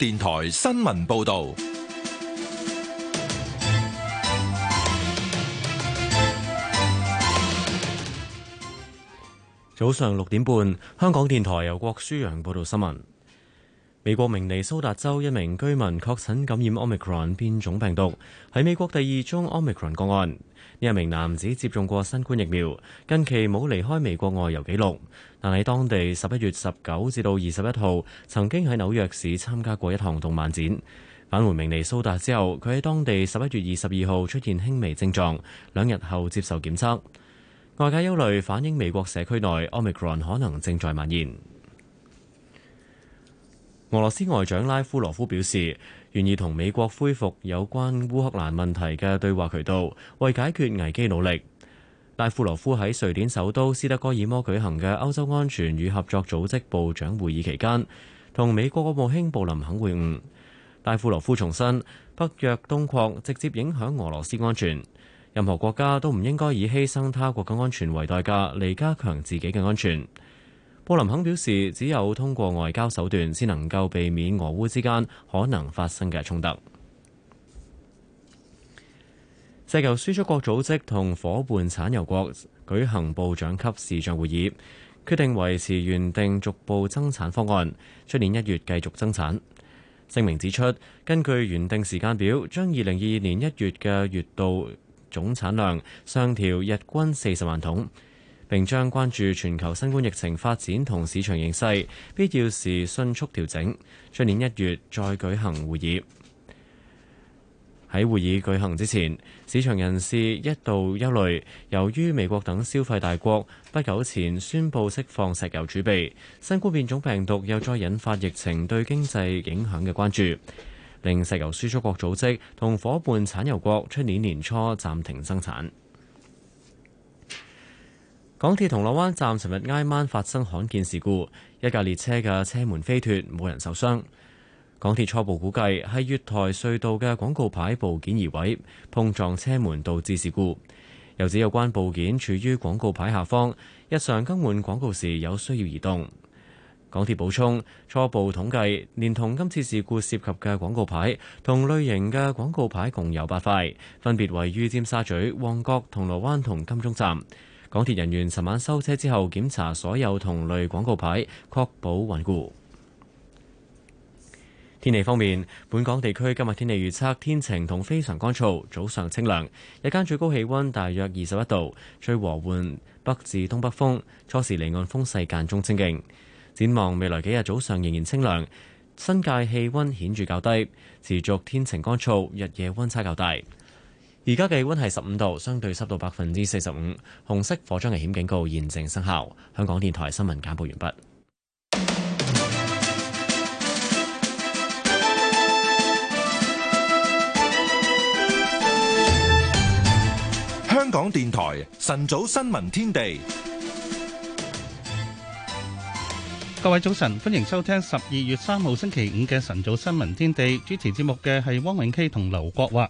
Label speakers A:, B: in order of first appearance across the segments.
A: 電台新聞報道。
B: 早上六點半，香港電台由郭舒揚報道新聞。美國明尼蘇達州一名居民確診感染 Omicron 變種病毒，喺美國第二宗 Omicron 個案。呢一名男子接種過新冠疫苗，近期冇離開美國外遊記錄，但喺當地十一月十九至到二十一號曾經喺紐約市參加過一堂動漫展。返回明尼蘇達之後，佢喺當地十一月二十二號出現輕微症狀，兩日後接受檢測。外界憂慮反映美國社區內 Omicron 可能正在蔓延。俄羅斯外長拉夫羅夫表示，願意同美國恢復有關烏克蘭問題嘅對話渠道，為解決危機努力。拉夫羅夫喺瑞典首都斯德哥爾摩舉行嘅歐洲安全與合作組織部長會議期間，同美國國務卿布林肯會晤。拉夫羅夫重申，北約東擴直接影響俄羅斯安全，任何國家都唔應該以犧牲他國嘅安全為代價嚟加強自己嘅安全。布林肯表示，只有通過外交手段，先能夠避免俄烏之間可能發生嘅衝突。石油輸出國組織同伙伴產油國舉行部長級視像會議，決定維持原定逐步增產方案，出年一月繼續增產。聲明指出，根據原定時間表，將二零二二年一月嘅月度總產量上調日均四十萬桶，並將關注全球新冠疫情發展同市場形勢，必要時迅速調整。出年一月再舉行會議。喺會議舉行之前，市場人士一度憂慮，由於美國等消費大國不久前宣布釋放石油儲備，新冠變種病毒又再引發疫情對經濟影響嘅關注，令石油輸出國組織同伙伴產油國出年年初暫停生產。港鐵銅鑼灣站尋日挨晚發生罕見事故，一架列車嘅車門飛脱，冇人受傷。港鐵初步估計係月台隧道嘅廣告牌部件移位，碰撞車門導致事故。又指有關部件處於廣告牌下方，日常更換廣告時有需要移動。港鐵補充，初步統計，連同今次事故涉及嘅廣告牌同類型嘅廣告牌共有八塊，分別位於尖沙咀、旺角、銅鑼灣同金鐘站。港鐵人員尋晚收車之後檢查所有同類廣告牌，確保穩固。天氣方面，本港地區今日天，天氣預測天晴同非常乾燥，早上清涼，日間最高氣温大約二十一度，吹和緩北至東北風，初時離岸風勢間中清勁。展望未來幾日，早上仍然清涼，新界氣温顯著較低，持續天晴乾燥，日夜温差較大。而家氣溫係十五度，相對濕度百分之四十五。紅色火災危險警告現正生效。香港電台新聞簡報完畢。
C: 香港電
D: 台晨早新聞天地，各位早晨，歡迎收聽十二月三號星期五嘅晨早新聞天地。主持節目嘅係汪永熙同劉國華。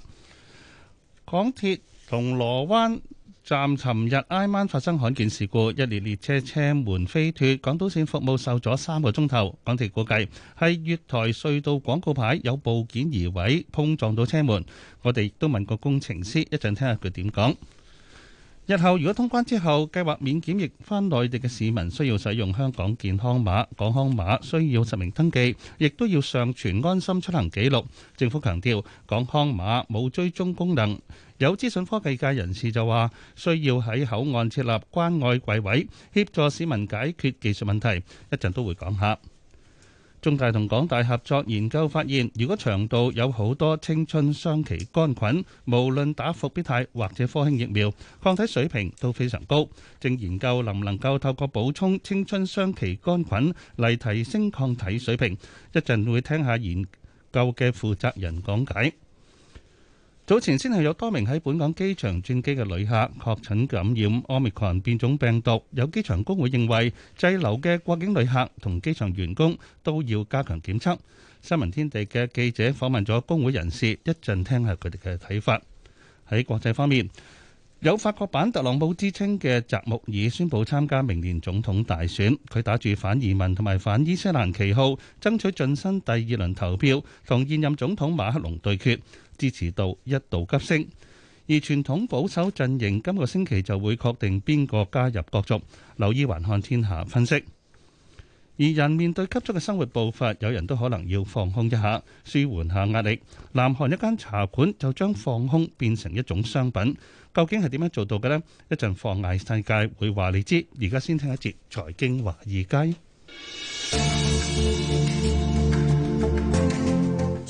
D: 港鐵銅鑼灣站尋日挨晚發生罕見事故，一列列車車門飛脱，港島線服務受阻三個鐘頭。港鐵估計係月台隧道廣告牌有部件移位碰撞到車門。我哋亦都問過工程師，一陣聽下佢點講。日後如果通關之後計劃免檢疫翻內地嘅市民，需要使用香港健康碼、港康碼，需要實名登記，亦都要上傳安心出行記錄。政府強調港康碼冇追蹤功能。有資訊科技界人士就話，需要喺口岸設立關愛櫃位，協助市民解決技術問題。一陣都會講下。中大同港大合作研究發現，如果腸道有好多青春雙歧桿菌，無論打復必泰，或者科興疫苗，抗體水平都非常高。正研究能唔能夠透過補充青春雙歧桿菌嚟提升抗體水平，一陣會聽下研究嘅負責人講解。早前先係有多名喺本港機場轉機嘅旅客確診感染奧密克戎變種病毒。有機場工會認為，滯留嘅過境旅客同機場員工都要加強檢測，新聞天地嘅記者訪問咗工會人士，一陣聽下佢哋嘅睇法。喺國際方面，有法國版特朗普之稱嘅澤穆爾宣布參加明年總統大選，佢打住反移民同埋反伊斯蘭旗號爭取晉身第二輪投票，同現任總統馬克龍對決。支持度一度急升，而傳統保守陣營今個星期就會確定邊個加入角逐。留意環看天下分析。而人面對急促嘅生活步伐，有人都可能要放空一下，舒緩下壓力。南韓一間茶館就將放空變成一種商品，究竟係點樣做到嘅咧？一陣放眼世界會話你知。而家先聽一節財經華爾街。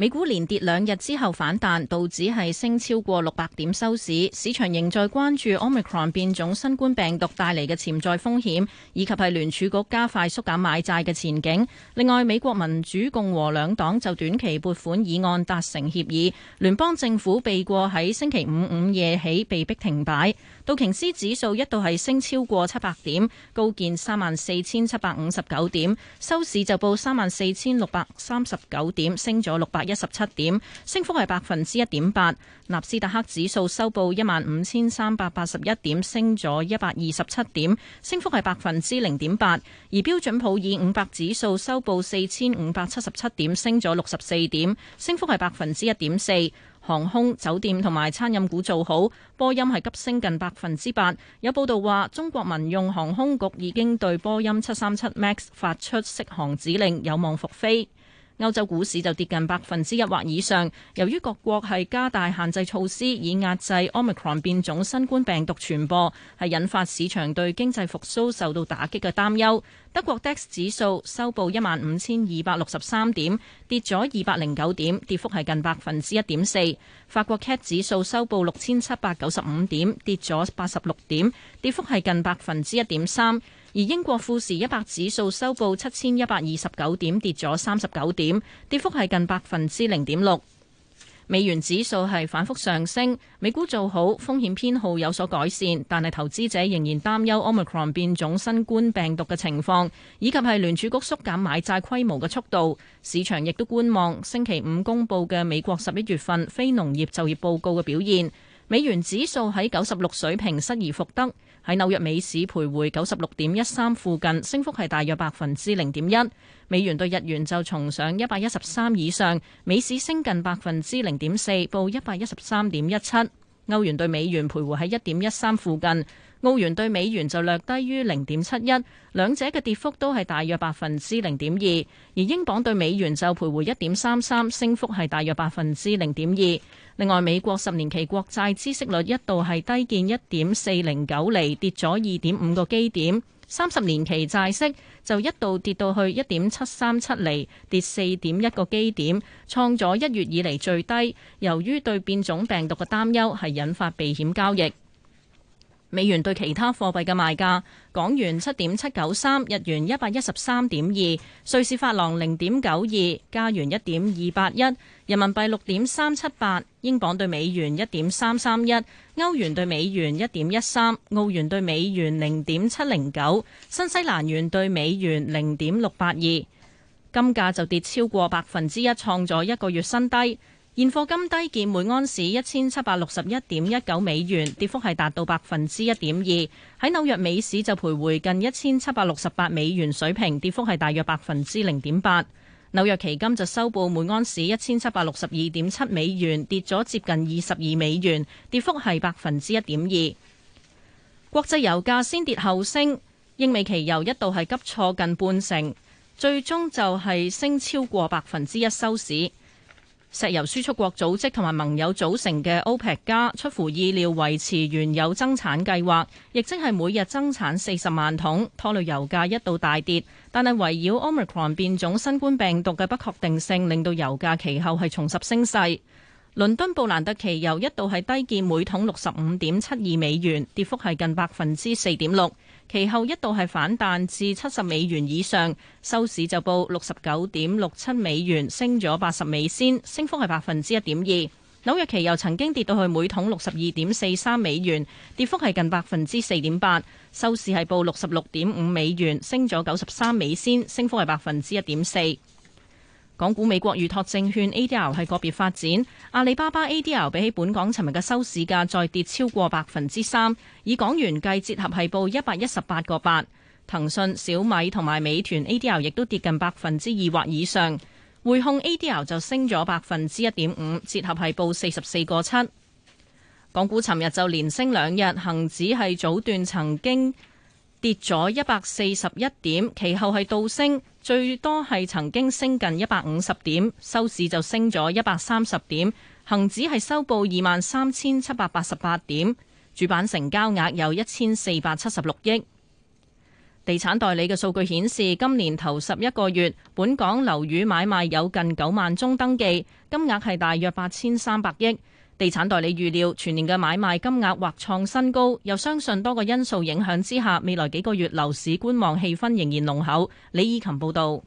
E: 美股連跌兩日之後反彈，道指係升超過六百點收市。市場仍在關注 Omicron 變種新冠病毒帶嚟嘅潛在風險，以及係聯儲局加快縮減買債嘅前景。另外，美國民主共和兩黨就短期撥款議案達成協議。聯邦政府避過喺星期五午夜起被迫停擺。道瓊斯指數一度係升超過七百點，高見三萬四千七百五十九點，收市就報三萬四千六百三十九點，升咗六百一十七點，升幅係百分之一點八。納斯達克指數收報一萬五千三百八十一點，升咗一百二十七點，升幅係百分之零點八。而標準普爾五百指數收報四千五百七十七點，升咗六十四點，升幅係百分之一點四。航空、酒店同埋餐飲股做好，波音係急升近百分之八。有報道話，中國民用航空局已經對波音七三七 MAX 發出適航指令，有望復飛。歐洲股市就跌近百分之一或以上，由於各國係加大限制措施以壓制 Omicron 變種新冠病毒傳播，係引發市場對經濟復甦受到打擊嘅擔憂。德國 DAX 指數收報一萬五千二百六十三點，跌咗二百零九點，跌幅係近百分之一點四。法國 CAC 指數收報六千七百九十五點，跌咗八十六點，跌幅係近百分之一點三。而英國富時一百指數收報七千一百二十九點，跌咗三十九點，跌幅係近百分之零點六。美元指數係反覆上升，美股做好，風險偏好有所改善，但係投資者仍然擔憂 Omicron 變種新冠病毒嘅情況，以及係聯儲局縮減買債規模嘅速度。市場亦都觀望星期五公佈嘅美國十一月份非農業就業報告嘅表現。美元指數喺九十六水平失而復得，喺紐約美市徘徊九十六點一三附近，升幅係大約百分之零點一。美元對日元就重上一百一十三以上，美市升近百分之零點四，報一百一十三點一七。歐元對美元徘徊喺一點一三附近，澳元對美元就略低於零點七一，兩者嘅跌幅都係大約百分之零點二。而英鎊對美元就徘徊一點三三，升幅係大約百分之零點二。另外，美國十年期國債孳息率一度係低見一點四零九厘，跌咗二點五個基點；三十年期債息就一度跌到去一點七三七厘，跌四點一個基點，創咗一月以嚟最低。由於對變種病毒嘅擔憂係引發避險交易。美元對其他貨幣嘅賣價：港元七點七九三，日元一百一十三點二，瑞士法郎零點九二，加元一點二八一，人民幣六點三七八，英鎊對美元一點三三一，歐元對美元一點一三，澳元對美元零點七零九，新西蘭元對美元零點六八二。金價就跌超過百分之一，創咗一個月新低。現貨金低見每安士一千七百六十一點一九美元，跌幅係達到百分之一點二。喺紐約美市就徘徊近一千七百六十八美元水平，跌幅係大約百分之零點八。紐約期金就收報每安士一千七百六十二點七美元，跌咗接近二十二美元，跌幅係百分之一點二。國際油價先跌後升，英美期油一度係急挫近半成，最終就係升超過百分之一收市。石油輸出國組織同埋盟友組成嘅 OPEC 加出乎意料維持原有增產計劃，亦即係每日增產四十萬桶，拖累油價一度大跌。但係圍繞 Omicron 變種新冠病毒嘅不確定性，令到油價其後係重拾升勢。倫敦布蘭特期油一度係低見每桶六十五點七二美元，跌幅係近百分之四點六。其後一度係反彈至七十美元以上，收市就報六十九點六七美元，升咗八十美仙，升幅係百分之一點二。紐約期油曾經跌到去每桶六十二點四三美元，跌幅係近百分之四點八，收市係報六十六點五美元，升咗九十三美仙，升幅係百分之一點四。港股、美國預託證券 ADR 係個別發展，阿里巴巴 ADR 比起本港尋日嘅收市價再跌超過百分之三，以港元計折合係報一百一十八個八。騰訊、小米同埋美團 ADR 亦都跌近百分之二或以上，匯控 ADR 就升咗百分之一點五，折合係報四十四個七。港股尋日就連升兩日，恒指係早段曾經跌咗一百四十一點，其後係倒升，最多係曾經升近一百五十點，收市就升咗一百三十點。恒指係收報二萬三千七百八十八點，主板成交額有一千四百七十六億。地產代理嘅數據顯示，今年頭十一個月，本港樓宇買賣有近九萬宗登記，金額係大約八千三百億。地產代理預料全年嘅買賣金額或創新高，又相信多個因素影響之下，未來幾個月樓市觀望氣氛仍然濃厚。李以琴報道，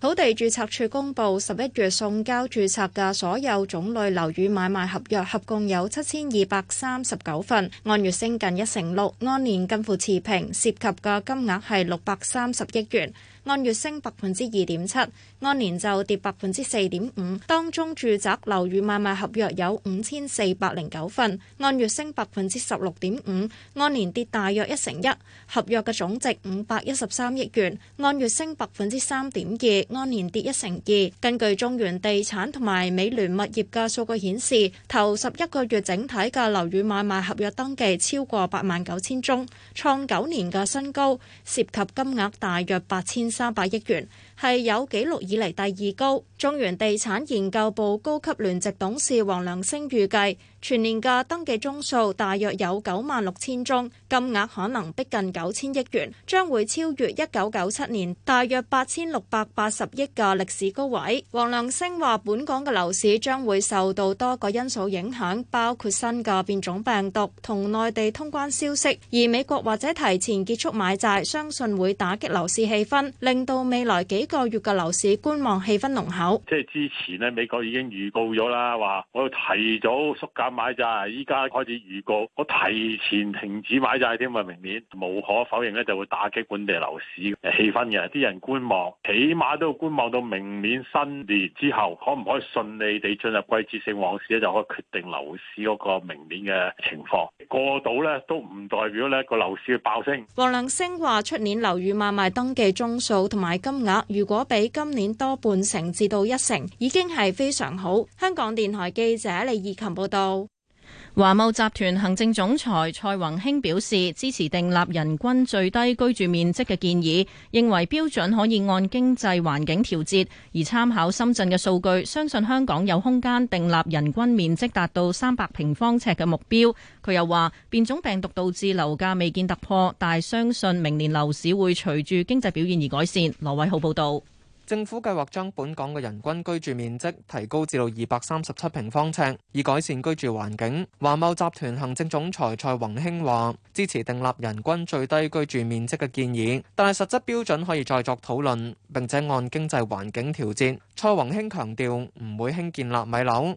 F: 土地註冊處公佈十一月送交註冊嘅所有種類樓宇買賣合約，合共有七千二百三十九份，按月升近一成六，按年近乎持平，涉及嘅金額係六百三十億元，按月升百分之二點七，按年就跌百分之四點五。當中住宅樓宇買賣合約有五千四百零九份，按月升百分之十六點五，按年跌大約一成一。合約嘅總值五百一十三億元，按月升百分之三點二，按年跌一成二。根據中原地產同埋美聯物業嘅數據顯示，頭十一個月整體嘅樓宇買賣合約登記超過八萬九千宗，創九年嘅新高，涉及金額大約八千。三百億元。係有紀錄以嚟第二高。中原地產研究部高級聯席董事黃良昇預計，全年嘅登記宗數大約有九萬六千宗，金額可能逼近九千億元，將會超越一九九七年大約八千六百八十億嘅歷史高位。黃良昇話：本港嘅樓市將會受到多個因素影響，包括新嘅變種病毒同內地通關消息，而美國或者提前結束買債，相信會打擊樓市氣氛，令到未來幾幾個月嘅樓市觀望氣氛濃厚，
G: 即係之前咧，美國已經預告咗啦，話我要提早縮減買債，依家開始預告，我提前停止買債添啊，明年無可否認咧，就會打擊本地樓市嘅氣氛嘅，啲人觀望，起碼都觀望到明年新年之後，可唔可以順利地進入季節性旺季咧，就可以決定樓市嗰個明年嘅情況。過度咧都唔代表咧個樓市嘅爆升。
F: 黃亮星話，出年樓宇買賣登記宗數同埋金額。如果比今年多半成至到一成，已經係非常好。香港電台記者李義琴報道。華懋
E: 集團行政總裁蔡宏興表示支持訂立人均最低居住面積嘅建議，認為標準可以按經濟環境調節，而參考深圳嘅數據，相信香港有空間訂立人均面積達到三百平方尺嘅目標。佢又話，變種病毒導致樓價未見突破，但係相信明年樓市
H: 會隨住經濟表現而改善。羅偉浩報道。政府計劃將本港嘅人均居住面積提高至到二百三十七平方呎，以改善居住環境。華懋集團行政總裁蔡宏興話：支持訂立人均最低居住面積嘅建議，但係實質標準可以再作討論，並且按經濟環境調節。蔡宏興強調唔會興建納米樓。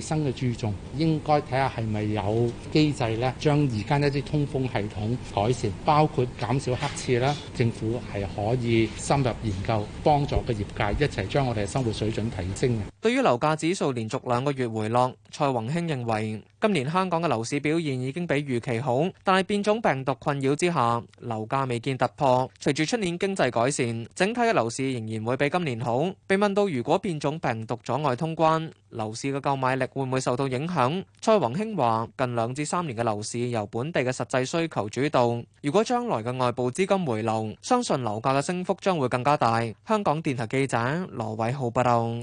C: 生嘅注重，應該睇下係咪有機制咧，將而家一啲通風系統改善，包括減少黑黴啦。政府係可以深入研究，幫助個業界一齊將我哋嘅生活水準提升。
H: 對於樓價指數連續兩個月回落，蔡宏興認為。今年香港嘅樓市表現已經比預期好，但係變種病毒困擾之下，樓價未見突破。隨住出年經濟改善，整體嘅樓市仍然會比今年好。被問到如果變種病毒阻礙通關，樓市嘅購買力會唔會受到影響？蔡宏興話：近兩至三年嘅樓市由本地嘅實際需求主導，如果將來嘅外部資金回流，相信樓價嘅升幅將會更加大。香港電台記者羅偉浩報道。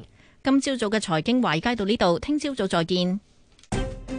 H: 今
E: 朝早嘅財經華爾街到呢度，聽朝早再見。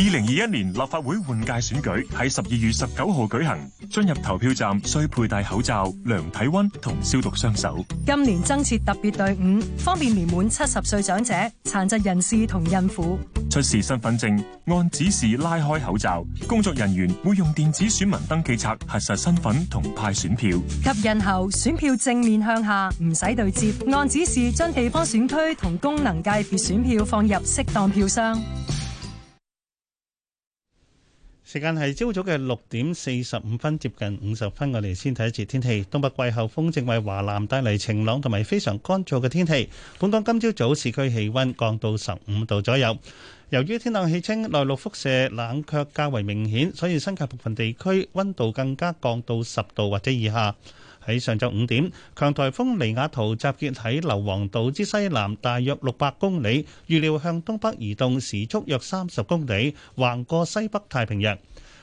G: 二零二一年立法
H: 會換屆選舉喺十二月十九號舉行。進入投票站需佩戴口罩、量體溫同消毒雙手。
I: 今年增設特別隊伍，方便年滿七十歲長者、殘疾人士同孕婦。
H: 出示身份證，按指示拉開口罩，工作人員會用電子選民登記冊核實身份同派選票。
I: 及印後，選票正面向下，唔使對接。按指示將地方選區同功能界別選票放入適當票箱。
D: 時間係朝早嘅六點四十五分，接近五十分，我哋先睇一節天氣。東北季候風正為華南帶嚟晴朗同埋非常乾燥嘅天氣。本港今朝早市區氣溫降到十五度左右，由於天朗氣清，內陸輻射冷卻較為明顯，所以新界部分地區温度更加降到十度或者以下。喺上晝五點，強颱風尼亞圖集結喺硫黃島之西南，大約六百公里，預料向東北移動，時速約三十公里，橫過西北太平洋。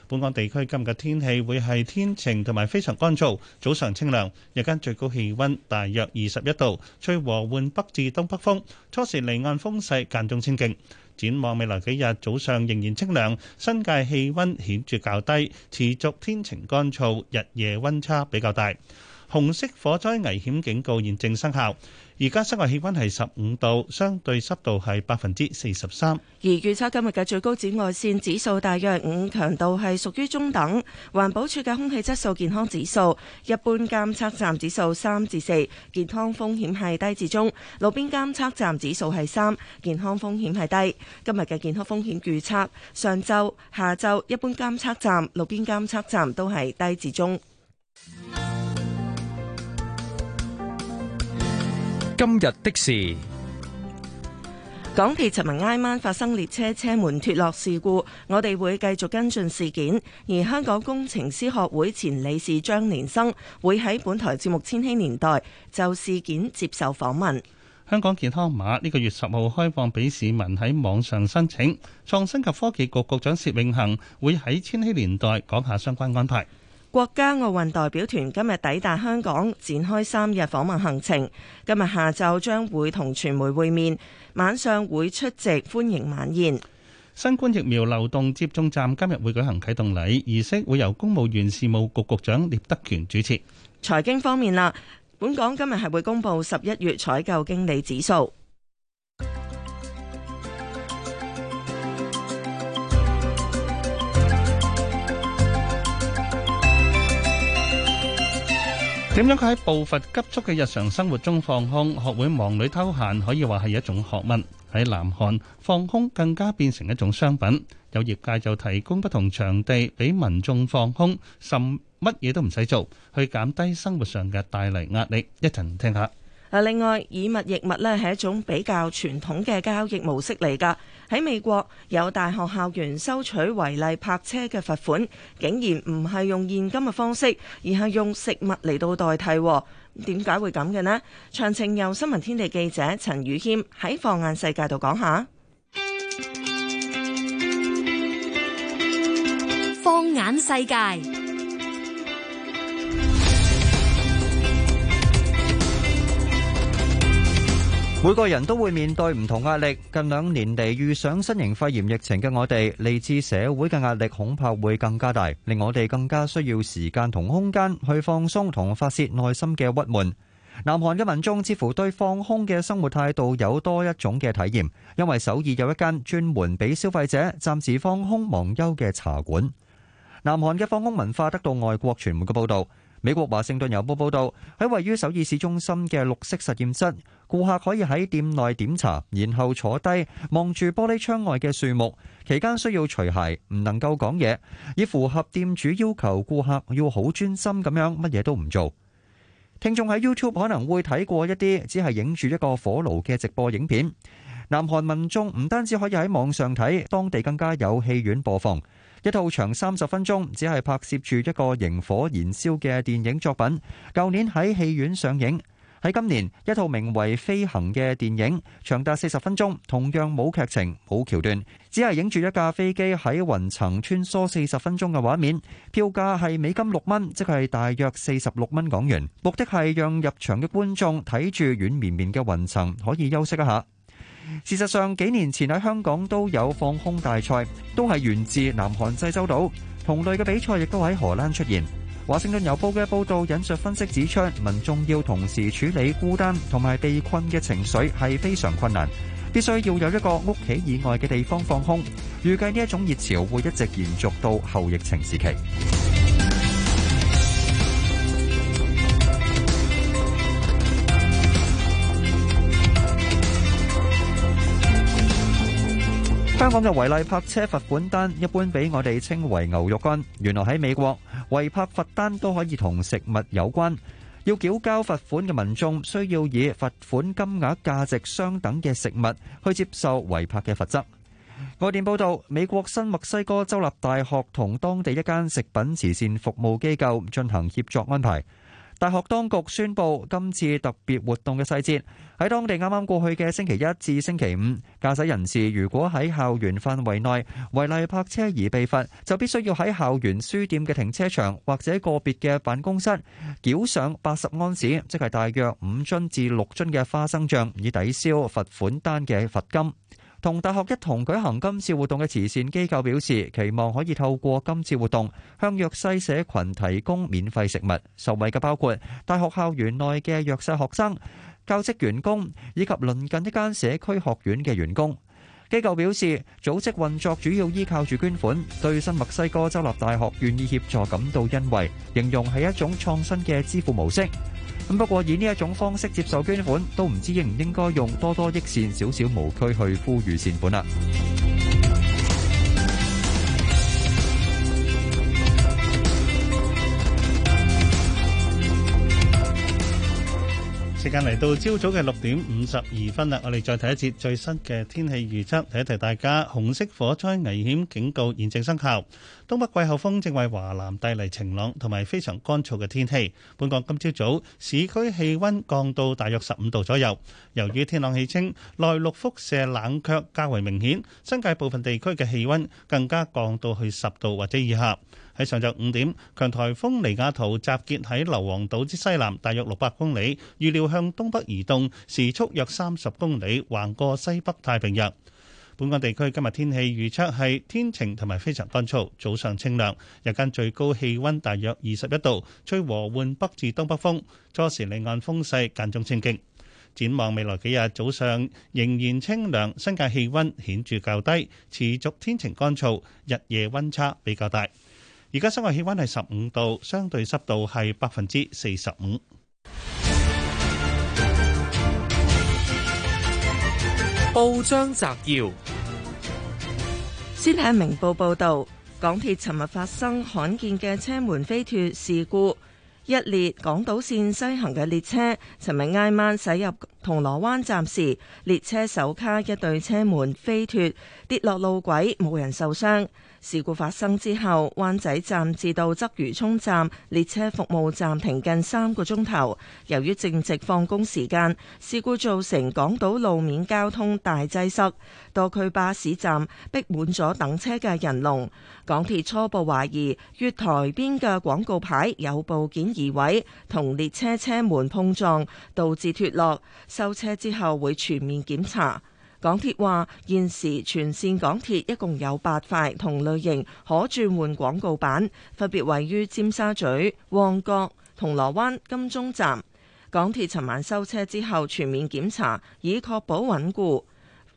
D: 本港地區今日天，天氣會係天晴同埋非常乾燥，早上清涼，日間最高氣温大約二十一度，吹和緩北至東北風，初時離岸風勢間中清勁。展望未來幾日，早上仍然清涼，新界氣温顯著較低，持續天晴乾燥，日夜温差比較大。紅色火災危險警告現正生效。而家室外氣溫係十五度，相對濕度係百分之四十三。
J: 而預測今日嘅最高紫外線指數大約五，強度係屬於中等。環保署嘅空氣質素健康指數，一般監測站指數三至四，健康風險係低至中；路邊監測站指數係三，健康風險係低。今日嘅健康風險預測，上晝、下晝一般監測站、路邊監測站都係低至中。
K: 今日的事，
J: 港鐵尋日挨晚發生列車車門脫落事故，我哋會繼續跟進事件。而香港工程師學會前理事長連生會喺本台節目《千禧年代》就事件接受訪問。
D: 香港健康碼呢個月十號開放俾市民喺網上申請，創新及科技局局長薛永恒會喺《千禧年代》講下相關安排。
J: 國家奧運代表團今日抵達香港，展開三日訪問行程。今日下晝將會同傳媒會面，晚上會出席歡迎晚宴。新冠疫苗流動接種站今日
D: 會舉行啟動禮，儀式會由公務員事務局局長聶德權主持。財經
J: 方面啦，本港今日係會公布十一月採購經理指數。
D: 點樣喺步伐急促嘅日常生活中放空，學會忙裏偷閒，可以話係一種學問。喺南韓，放空更加變成一種商品，有業界就提供不同場地俾民眾放空，甚乜嘢都唔使做，去減低生活上嘅帶嚟壓力。一陣聽下。
J: 嗱，另外以物易物咧，係一種比較傳統嘅交易模式嚟噶。喺美國有大學校園收取違例泊車嘅罰款，竟然唔係用現金嘅方式，而係用食物嚟到代替。點解會咁嘅呢？詳情由新聞天地記者陳宇謙喺放眼世界度講下。放眼世界。
K: 每個人都會面對唔同壓力。近兩年嚟，遇上新型肺炎疫情嘅我哋，嚟自社會嘅壓力恐怕會更加大，令我哋更加需要時間同空間去放鬆同發泄內心嘅鬱悶。南韓嘅民眾似乎對放空嘅生活態度有多一種嘅體驗，因為首爾有一間專門俾消費者暫時放空忘憂嘅茶館。南韓嘅放空文化得到外國傳媒嘅報道。美國華盛頓郵報報道，喺位於首爾市中心嘅綠色實驗室，顧客可以喺店內點茶，然後坐低望住玻璃窗外嘅樹木，期間需要除鞋，唔能夠講嘢，以符合店主要求。顧客要好專心咁樣，乜嘢都唔做。聽眾喺 YouTube 可能會睇過一啲，只係影住一個火爐嘅直播影片。南韓民眾唔單止可以喺網上睇，當地更加有戲院播放一套長三十分鐘，只係拍攝住一個營火燃燒嘅電影作品。舊年喺戲院上映。喺今年一套名為《飛行》嘅電影，長達四十分鐘，同樣冇劇情、冇橋段，只係影住一架飛機喺雲層穿梭四十分鐘嘅畫面。票價係美金六蚊，即係大約四十六蚊港元。目的係讓入場嘅觀眾睇住軟綿綿嘅雲層，可以休息一下。事實上，幾年前喺香港都有放空大賽，都係源自南韓濟州島。同類嘅比賽亦都喺荷蘭出現。《華盛頓郵報》嘅報導引述分析指出，民眾要同時處理孤單同埋被困嘅情緒係非常困難，必須要有一個屋企以外嘅地方放空。預計呢一種熱潮會一直延續到後疫情時期。今日違例泊車罰款單，一般俾我哋稱為牛肉乾。原來喺美國，違泊罰單都可以同食物有關。要繳交罰款嘅民眾，需要以罰款金額價值相等嘅食物去接受違泊嘅罰則。外電報導，美國新墨西哥州立大學同當地一間食品慈善服務機構進行協作安排。大學當局宣布今次特別活動嘅細節，喺當地啱啱過去嘅星期一至星期五，駕駛人士如果喺校園範圍內違例泊車而被罰，就必須要喺校園書店嘅停車場或者個別嘅辦公室繳上八十安士，即係大約五樽至六樽嘅花生醬，以抵消罰款單嘅罰金。同大學一同舉行今次活動嘅慈善機構表示,期望可以透過今次活動,向弱勢社群提供免費食物,受惠嘅包括大學校園內嘅弱勢學生,教職員工,以及鄰近一間社區學院嘅員工。機構表示,組織運作主要依靠住捐款,對新墨西哥州立大學願意協助感到欣慰,形容係一種創新嘅支付模式。咁不過，以呢一種方式接受捐款，都唔知應唔應該用多多益善、少少無拘去呼籲善款啦。
D: 時間嚟到朝早嘅六點五十二分啦，我哋再睇一節最新嘅天氣預測，提一提大家紅色火災危險警告現正生效。東北季候風正為華南帶嚟晴朗同埋非常乾燥嘅天氣。本港今朝早，早市區氣溫降到大約十五度左右，由於天朗氣清，內陸輻射冷卻較為明顯，新界部分地區嘅氣溫更加降到去十度或者以下。喺上晝五點，強颱風尼亞圖集結喺硫磺島之西南，大約六百公里，預料向東北移動，時速約三十公里，橫過西北太平洋。本港地區今日天氣預測係天晴同埋非常乾燥，早上清涼，日間最高氣温大約二十一度，吹和緩北至東北風，初時離岸風勢間中清勁。展望未來幾日，早上仍然清涼，新界氣温顯著較低，持續天晴乾燥，日夜温差比較大。而家室外氣温係十五度，相對濕度係百分之四十五。
B: 報章摘要：
J: 先係明報報道，港鐵尋日發生罕見嘅車門飛脫事故，一列港島綫西行嘅列車尋日挨晚駛入銅鑼灣站時，列車首卡一對車門飛脫，跌落路軌，冇人受傷。事故發生之後，灣仔站至到鰂魚涌站列車服務暫停近三個鐘頭。由於正值放工時間，事故造成港島路面交通大擠塞，多區巴士站逼滿咗等車嘅人龍。港鐵初步懷疑月台邊嘅廣告牌有部件移位，同列車車門碰撞導致脱落。收車之後會全面檢查。港鐵話，現時全線港鐵一共有八塊同類型可轉換廣告板，分別位於尖沙咀、旺角、銅鑼灣、金鐘站。港鐵尋晚收車之後全面檢查，以確保穩固。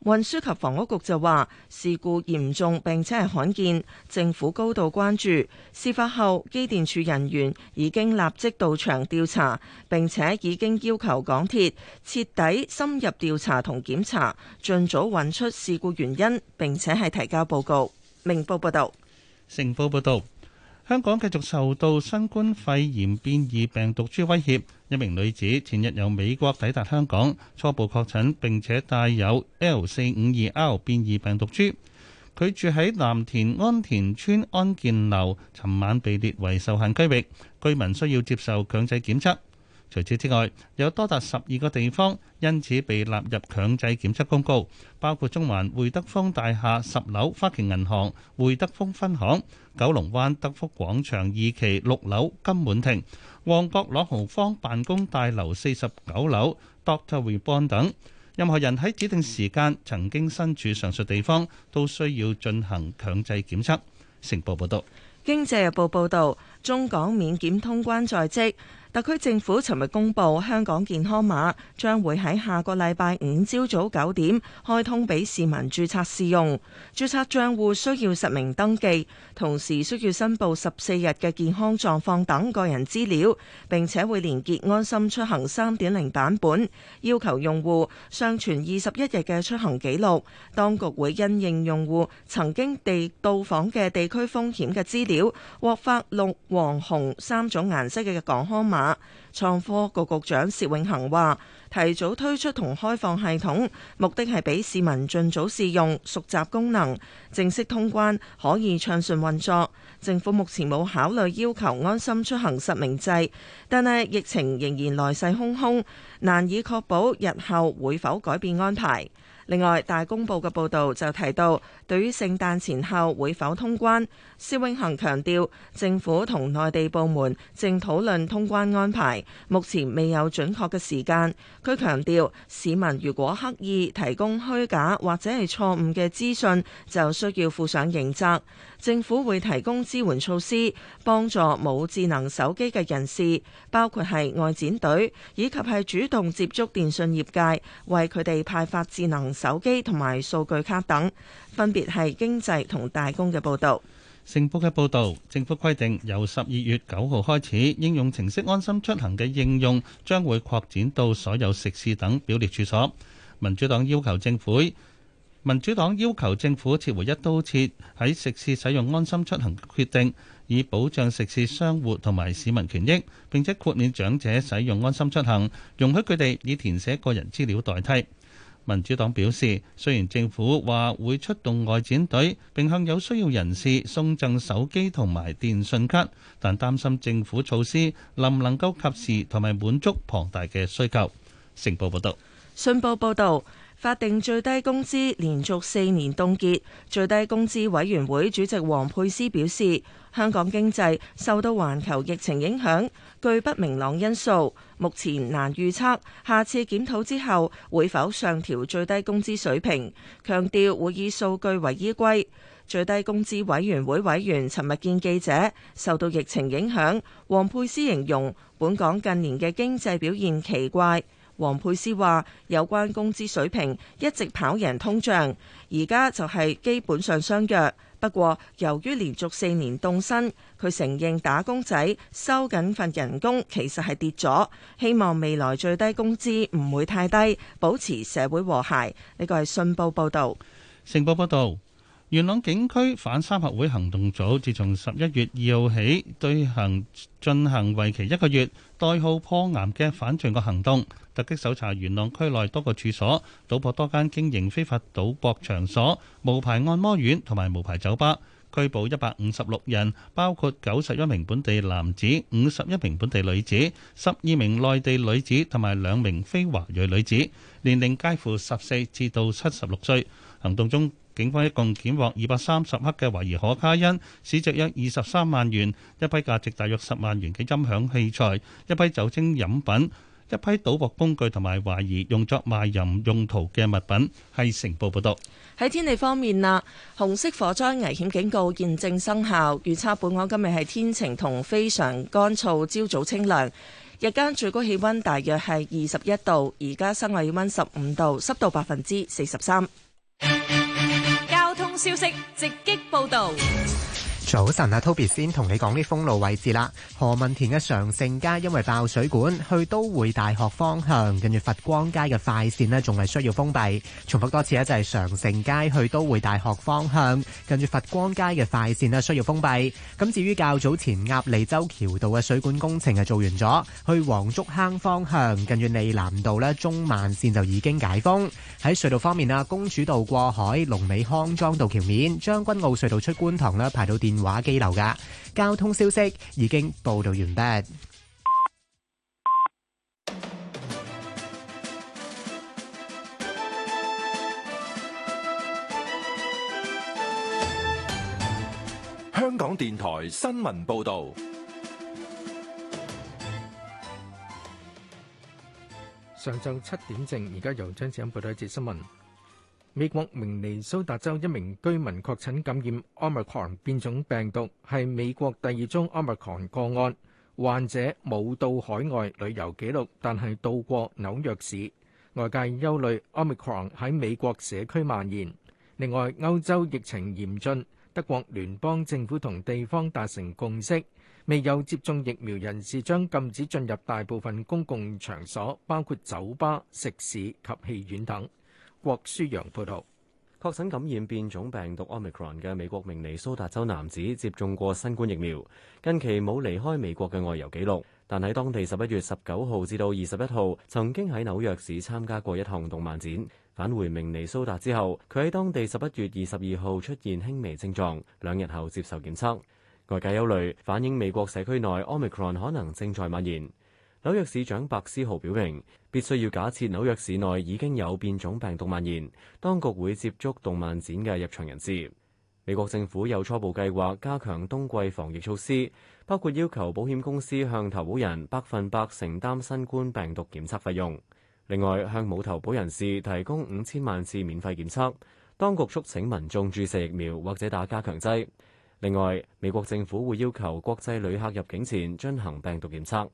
J: 運輸及房屋局就話，事故嚴重並且係罕見，政府高度關注。事發後，機電處人員已經立即到場調查，並且已經要求港鐵徹底深入調查同檢查，盡早揾出事故原因，並且係提交報告。明報報道，成報
D: 報道。香港繼續受到新冠肺炎變異病毒株威脅，一名女子前日由美國抵達香港，初步確診並且帶有 L 四五二 R 變異病毒株。佢住喺藍田安田村安建樓，尋晚被列為受限區域，居民需要接受強制檢測。除此之外，有多達十二個地方因此被納入強制檢測公告，包括中環匯德豐大廈十樓花旗銀行匯德豐分行、九龍灣德福廣場二期六樓金滿庭、旺角朗豪坊辦公大樓四十九樓 Dr. Reborn 等。任何人喺指定時間曾經身處上述地方，都需要進行強制檢測。成報報道，
J: 《經濟日報》報導，中港免檢通關在即。特區政府尋日公布，香港健康碼將會喺下個禮拜五朝早九點開通俾市民註冊試用。註冊帳戶需要實名登記，同時需要申報十四日嘅健康狀況等個人資料。並且會連結安心出行3.0版本，要求用戶上傳二十一日嘅出行記錄。當局會因應用戶曾經地到訪嘅地區風險嘅資料，獲發綠、黃、紅三種顏色嘅港康碼。創科局局長薛永恒話，提早推出同開放系統，目的係俾市民盡早試用，熟習功能。正式通關可以暢順運作。政府目前冇考慮要求安心出行實名制，但係疫情仍然來勢洶洶，難以確保日後會否改變安排。另外，《大公報》嘅報導就提到，對於聖誕前後會否通關，蕭永恒強調，政府同內地部門正討論通關安排，目前未有準確嘅時間。佢強調，市民如果刻意提供虛假或者係錯誤嘅資訊，就需要負上刑責。政府會提供支援措施，幫助冇智能手機嘅人士，包括係外展隊以及係主動接觸電信業界，為佢哋派發智能手機同埋數據卡等。分別係經濟同大公嘅報導。成報嘅報
D: 導，政府規定由十二月九號開始，應用程式安心出行嘅應用將會擴展到所有食肆等表列處所。民主黨要求政府。民主黨要求政府撤回一刀切喺食肆使用安心出行決定，以保障食肆商戶同埋市民權益。並且豁免長者使用安心出行，容許佢哋以填寫個人資料代替。民主黨表示，雖然政府話會出動外展隊，並向有需要人士送贈手機同埋電信卡，但擔心政府措施能唔能夠及時同埋滿足龐大嘅需求。成報報道，
J: 信報報道。法定最低工資連續四年凍結，最低工資委員會主席王沛詩表示，香港經濟受到環球疫情影響，具不明朗因素，目前難預測下次檢討之後會否上調最低工資水平，強調會以數據為依歸。最低工資委員會委員尋日見記者，受到疫情影響，王沛詩形容本港近年嘅經濟表現奇怪。黃佩斯話：有關工資水平一直跑贏通脹，而家就係基本上相若。不過由於連續四年凍薪，佢承認打工仔收緊份人工其實係跌咗。希望未來最低工資唔會太低，保持社會和諧。呢個係信報報道。
D: 成報報道。元朗警區反三合會行動組，自從十一月二號起，對行進行為期一個月代號破岩嘅反罪惡行動，突擊搜查元朗區內多個處所，搗破多間經營非法賭博場所、無牌按摩院同埋無牌酒吧，拘捕一百五十六人，包括九十一名本地男子、五十一名本地女子、十二名內地女子同埋兩名非華裔女子，年齡介乎十四至到七十六歲。行動中，警方一共檢獲二百三十克嘅懷疑可卡因，市值約二十三萬元；一批價值大約十萬元嘅音響器材，一批酒精飲品，一批賭博工具，同埋懷疑用作賣淫用途嘅物品。係成報報道。
J: 喺天氣方面啦，紅色火災危險警告現正生效。預測本港今日係天晴同非常乾燥，朝早清涼，日間最高氣温大約係二十一度，而家室外氣温十五度，濕度百分之四十三。
I: 消息直擊報導。
J: 早晨啊
L: ，Toby 先同你講啲封路位置啦。何文田嘅常盛街因為爆水管，去都會大學方向，近住佛光街嘅快線呢仲係需要封閉。重複多次咧，就係常盛街去都會大學方向，近住佛光街嘅快線呢需要封閉。咁至於較早前鴨脷洲橋道嘅水管工程啊做完咗，去黃竹坑方向，近住利南道呢中慢線就已經解封。喺隧道方面啊，公主道過海、龍尾康莊道橋面、將軍澳隧道出觀塘呢排到電。話機樓嘅交通消息已經報道完畢。
A: 香港電台新聞報道。上晝七點正，而家由張子欣報道一節新聞。美國明尼蘇達州一名居民確診感染 Omicron 變種病毒，係美國第二宗 Omicron 個案。患者冇到海外旅遊記錄，但係到過紐約市。外界憂慮 Omicron 喺美國社區蔓延。另外，歐洲疫情嚴峻，德國聯邦政府同地方達成共識，未有接種疫苗人士將禁止進入大部分公共
B: 場所，包括酒吧、食肆及戲院等。郭舒揚報道，確診感染變種病毒 omicron 嘅美國明尼蘇達州男子接種過新冠疫苗，近期冇離開美國嘅外遊記錄，但喺當地十一月十九號至到二十一號曾經喺紐約市參加過一項動漫展。返回明尼蘇達之後，佢喺當地十一月二十二號出現輕微症狀，兩日後接受檢測。外界憂慮反映美國社區內 omicron 可能正在蔓延。紐約市長，白思豪表明，必須要假設紐約市內已經有變種病毒蔓延，當局會接觸動漫展嘅入場人士。美國政府有初步計劃加強冬季防疫措施，包括要求保險公司向投保人百分百承擔新冠病毒檢測費用，另外向冇投保人士提供五千萬次免費檢測。當局促請民眾注射疫苗或者打加強劑。另外，美國政府會要求國際旅客入境前進行病毒檢測。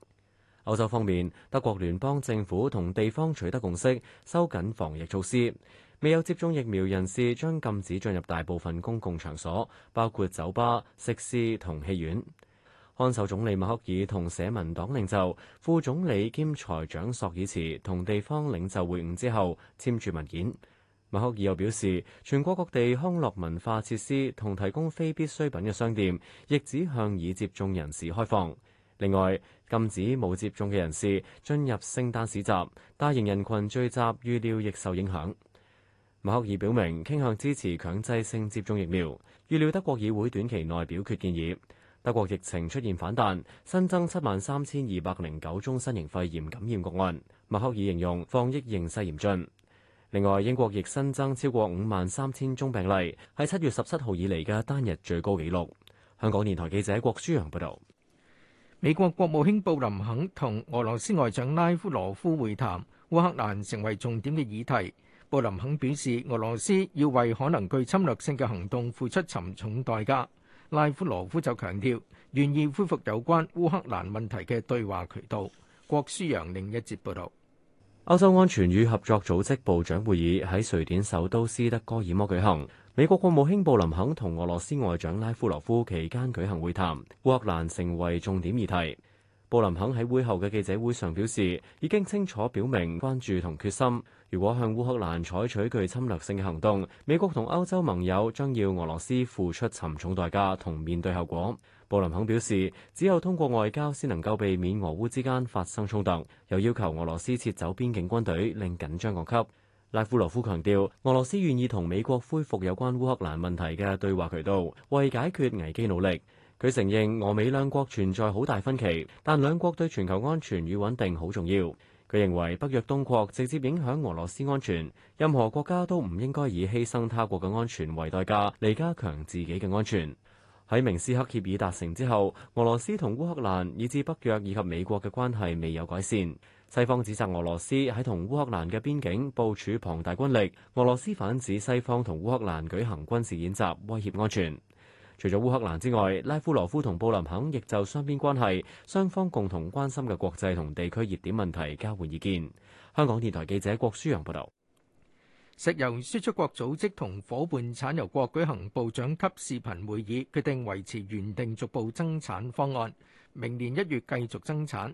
B: 歐洲方面，德國聯邦政府同地方取得共識，收緊防疫措施。未有接種疫苗人士將禁止進入大部分公共場所，包括酒吧、食肆同戲院。看守總理默克爾同社民黨領袖、副總理兼財長索爾茨同地方領袖會晤之後，簽署文件。默克爾又表示，全國各地康樂文化設施同提供非必需品嘅商店，亦只向已接種人士開放。另外，禁止冇接種嘅人士進入聖誕市集，大型人群聚集預料亦受影響。默克爾表明傾向支持強制性接種疫苗，預料德國議會短期內表決建議。德國疫情出現反彈，新增七萬三千二百零九宗新型肺炎感染個案。默克爾形容防疫形勢嚴峻。另外，英國亦新增超過五萬三千宗病例，係七月十七號以嚟嘅單日最高紀錄。香港電台記者郭書陽報道。美國國務卿布林肯同俄羅斯外長拉
A: 夫羅夫會談，烏克蘭成為重點嘅議題。布林肯表示，俄羅斯要為可能具侵略性嘅行動付出沉重代價。拉夫羅夫就強調，願意恢復有關烏克蘭問題嘅對話渠道。郭舒揚另一節報道。
B: 歐洲安全與合作組織部長會議喺瑞典首都斯德哥爾摩舉行。美國國務卿布林肯同俄羅斯外長拉夫羅夫期間舉行會談，烏克蘭成為重點議題。布林肯喺會後嘅記者會上表示，已經清楚表明關注同決心。如果向烏克蘭採取具侵略性嘅行動，美國同歐洲盟友將要俄羅斯付出沉重代價同面對後果。布林肯表示，只有通過外交先能夠避免俄烏之間發生衝突，又要求俄羅斯撤走邊境軍隊，令緊張降級。拉夫羅夫強調，俄羅斯願意同美國恢復有關烏克蘭問題嘅對話渠道，為解決危機努力。佢承認俄美兩國存在好大分歧，但兩國對全球安全與穩定好重要。佢認為北約東擴直接影響俄羅斯安全，任何國家都唔應該以犧牲他國嘅安全為代價嚟加強自己嘅安全。喺明斯克協議達成之後，俄羅斯同烏克蘭以至北約以及美國嘅關係未有改善。西方指責俄羅斯喺同烏克蘭嘅邊境部署龐大軍力，俄羅斯反指西方同烏克蘭舉行軍事演習，威脅安全。除咗烏克蘭之外，拉夫羅夫同布林肯亦就雙邊關係、雙方共同關心嘅國際同地區熱點問題交換意見。香港電台記者郭舒揚報道。石油輸出國組
A: 織同伙伴產油國舉行部長級視頻會議，決定維持原定逐步增產方案，明年一月繼續增產。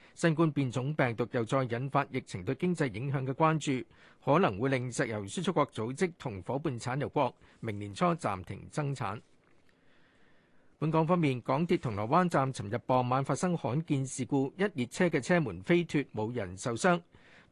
A: 新冠變種病毒又再引發疫情對經濟影響嘅關注，可能會令石油輸出國組織同伙伴產油國明年初暫停增產。本港方面，港鐵銅鑼灣站尋日傍晚發生罕見事故，一列車嘅車門飛脱，冇人受傷。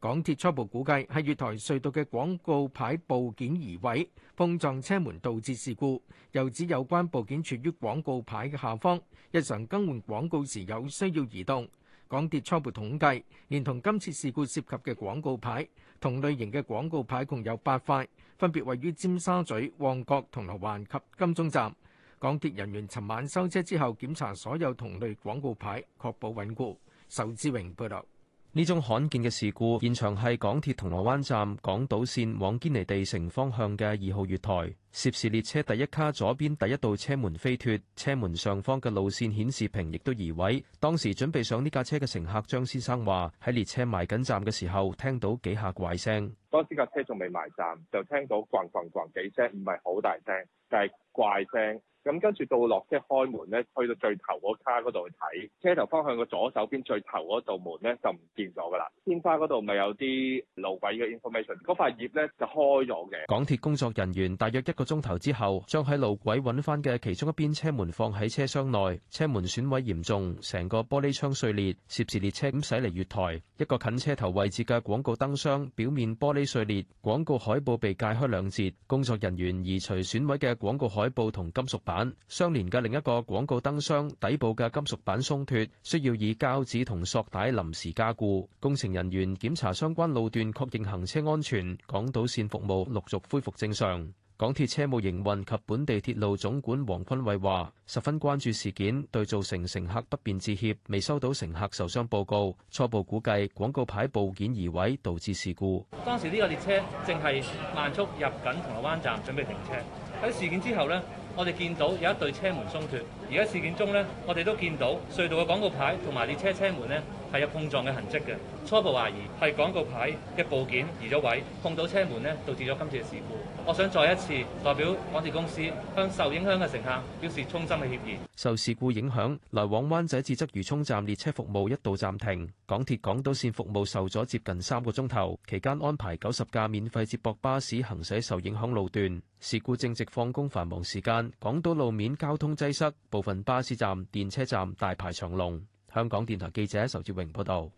A: 港鐵初步估計係月台隧道嘅廣告牌部件移位，碰撞車門導致事故，又指有關部件處於廣告牌嘅下方，日常更換廣告時有需要移動。港鐵初步統計，連同今次事故涉及嘅廣告牌，同類型嘅廣告牌共有八塊，分別位於尖沙咀、旺角、銅鑼灣及金鐘站。港鐵人員尋晚收車之後，檢查所有同類廣告牌，確保穩固。仇志榮報道。
M: 呢種罕見嘅事故，現場係港鐵銅鑼灣站港島綫往堅尼地城方向嘅二號月台，涉事列車第一卡左邊第一道車門飛脫，車門上方嘅路綫顯示屏亦都移位。當時準備上呢架車嘅乘客張先生話：喺列車埋緊站嘅時候，聽到幾下怪聲。
G: 當時架車仲未埋站，就聽到咣咣咣幾聲，唔係好大聲，但係怪聲。咁跟住到落車開門咧，去到最頭嗰卡嗰度去睇，車頭方向個左手邊最頭嗰道門咧就唔見咗㗎啦。天花嗰度咪有啲路軌嘅 information，嗰塊葉咧就開咗嘅。
M: 港鐵工作人員大約一個鐘頭之後，將喺路軌揾翻嘅其中一邊車門放喺車廂內。車門損毀嚴重，成個玻璃窗碎裂，涉事列車咁駛嚟月台。一個近車頭位置嘅廣告燈箱表面玻璃碎裂，廣告海報被界開兩截。工作人員移除損毀嘅廣告海報同金屬。板相連嘅另一個廣告燈箱底部嘅金屬板鬆脫，需要以膠紙同索帶臨時加固。工程人員檢查相關路段，確認行車安全，港島綫服務陸續恢復正常。港鐵車務營運及本地鐵路總管黃坤偉話，十分關注事件，對造成乘客不便致歉，未收到乘客受傷報告。初步估計廣告牌部件移位導致事故。
C: 當時呢個列車正係慢速入緊銅鑼灣站，準備停車，喺事件之後呢。我哋見到有一對車門鬆脫。而家事件中呢，我哋都見到隧道嘅廣告牌同埋列車車門呢，係有碰撞嘅痕跡嘅。初步懷疑係廣告牌嘅部件移咗位，碰到車門呢，導致咗今次嘅事故。我想再一次代表港鐵公司向受影響嘅乘客表示衷心嘅歉意。
M: 受事故影響，來往灣仔至鰂魚涌站列車服務一度暫停，港鐵港島線服務受阻接近三個鐘頭。期間安排九十架免費接駁巴士行駛受影響路段。事故正值放工繁忙時間，港島路面交通擠塞。報部分巴士站、電車站大排
A: 長龍，香港電台記者仇志榮報道，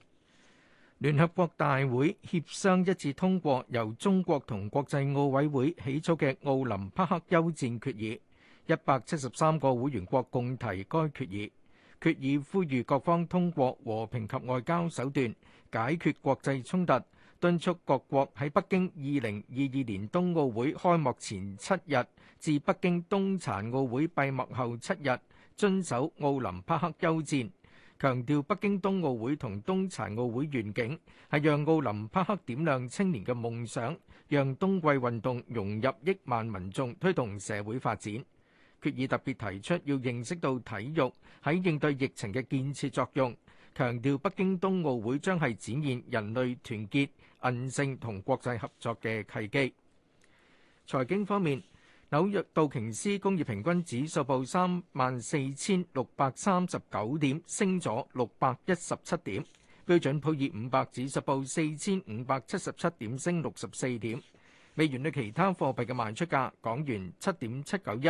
A: 聯合國大會協商一致通過由中國同國際奧委會起草嘅奧林匹克休戰決議，一百七十三個會員國共提該決議。決議呼籲各方通過和平及外交手段，解決國際衝突，敦促各國喺北京二零二二年冬奧會開幕前七日至北京冬殘奧會閉幕後七日。遵守奧林匹克休戰，強調北京冬奧會同冬殘奧會願景係讓奧林匹克點亮青年嘅夢想，讓冬季運動融入億萬民眾，推動社會發展。決議特別提出要認識到體育喺應對疫情嘅建設作用，強調北京冬奧會將係展現人類團結、韌性同國際合作嘅契機。財經方面。紐約道瓊斯工業平均指數報三萬四千六百三十九點，升咗六百一十七點。標準普爾五百指數報四千五百七十七點，升六十四點。美元對其他貨幣嘅賣出價：港元七點七九一，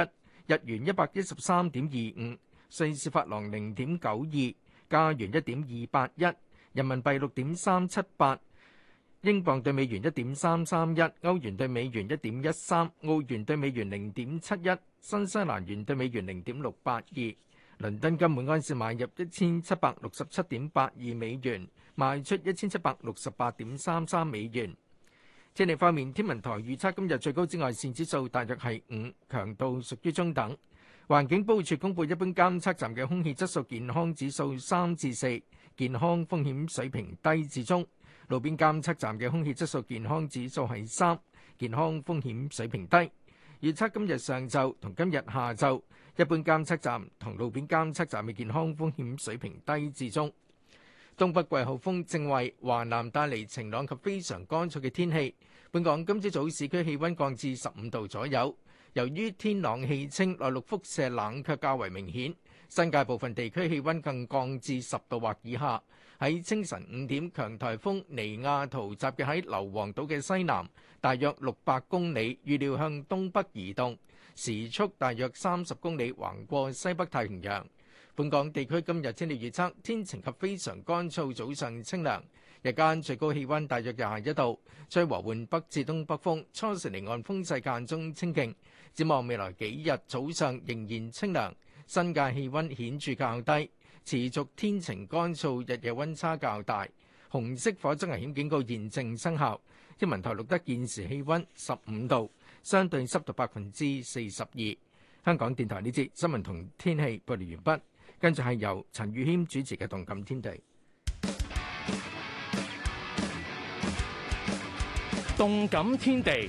A: 日元一百一十三點二五，瑞士法郎零點九二，加元一點二八一，人民幣六點三七八。英鎊兌美元一點三三一，歐元兌美元一點一三，澳元兌美元零點七一，新西蘭元兌美元零點六八二。倫敦金每安士買入一千七百六十七點八二美元，賣出一千七百六十八點三三美元。天氣方面，天文台預測今日最高紫外線指數大約係五，強度屬於中等。環境保護署公布一般監測站嘅空氣質素健康指數三至四。健康風險水平低至中，路邊監測站嘅空氣質素健康指數係三，健康風險水平低。預測今日上晝同今日下晝，一般監測站同路邊監測站嘅健康風險水平低至中。東北季候風正為華南帶嚟晴朗及非常乾燥嘅天氣。本港今朝早市區氣溫降至十五度左右，由於天朗氣清，內陸輻射冷卻較為明顯。新界部分地區氣温更降至十度或以下。喺清晨五點，強颱風尼亞圖集結喺硫磺島嘅西南，大約六百公里，預料向東北移動，時速大約三十公里，橫過西北太平洋。本港地區今日天氣預測，天晴及非常乾燥，早上清涼，日間最高氣温大約廿一度。吹和緩北至東北風，初時離岸風勢間中清勁。展望未來幾日，早上仍然清涼。新界氣温顯著較低，持續天晴乾燥，日夜温差較大。紅色火災危險警告現正生效。天文台錄得現時氣温十五度，相對濕度百分之四十二。香港電台呢節新聞同天氣報道完畢，跟住係由陳宇謙主持嘅《動感天地》。
K: 動感天地。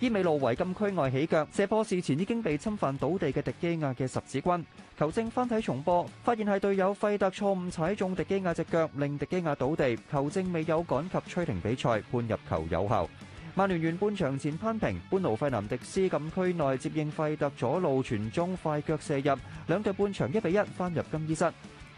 K: 伊美路違禁區外起腳射波，事前已經被侵犯倒地嘅迪基亞嘅十指軍球證翻睇重播，發現係隊友費特錯誤踩中迪基亞隻腳，令迪基亞倒地，球證未有趕及吹停比賽，判入球有效。曼聯完半場前扳平，班奴費南迪斯禁區內接應費特左路傳中，快腳射入，兩隊半場一比一，翻入更衣室。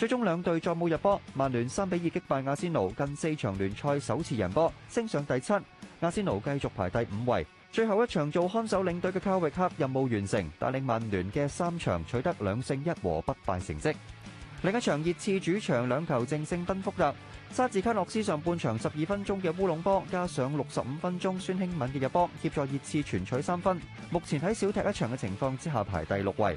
K: 最終兩隊再冇入波，曼聯三比二擊敗阿仙奴，近四場聯賽首次贏波，升上第七。阿仙奴繼續排第五位。最後一場做看守領隊嘅卡域克任務完成，帶領曼聯嘅三場取得兩勝一和不敗成績。另一場熱刺主場兩球淨勝賓福特，沙治卡諾斯上半場十二分鐘嘅烏龍波，加上六十五分鐘孫興敏嘅入波，協助熱刺全取三分。目前喺少踢一場嘅情況之下排第六位。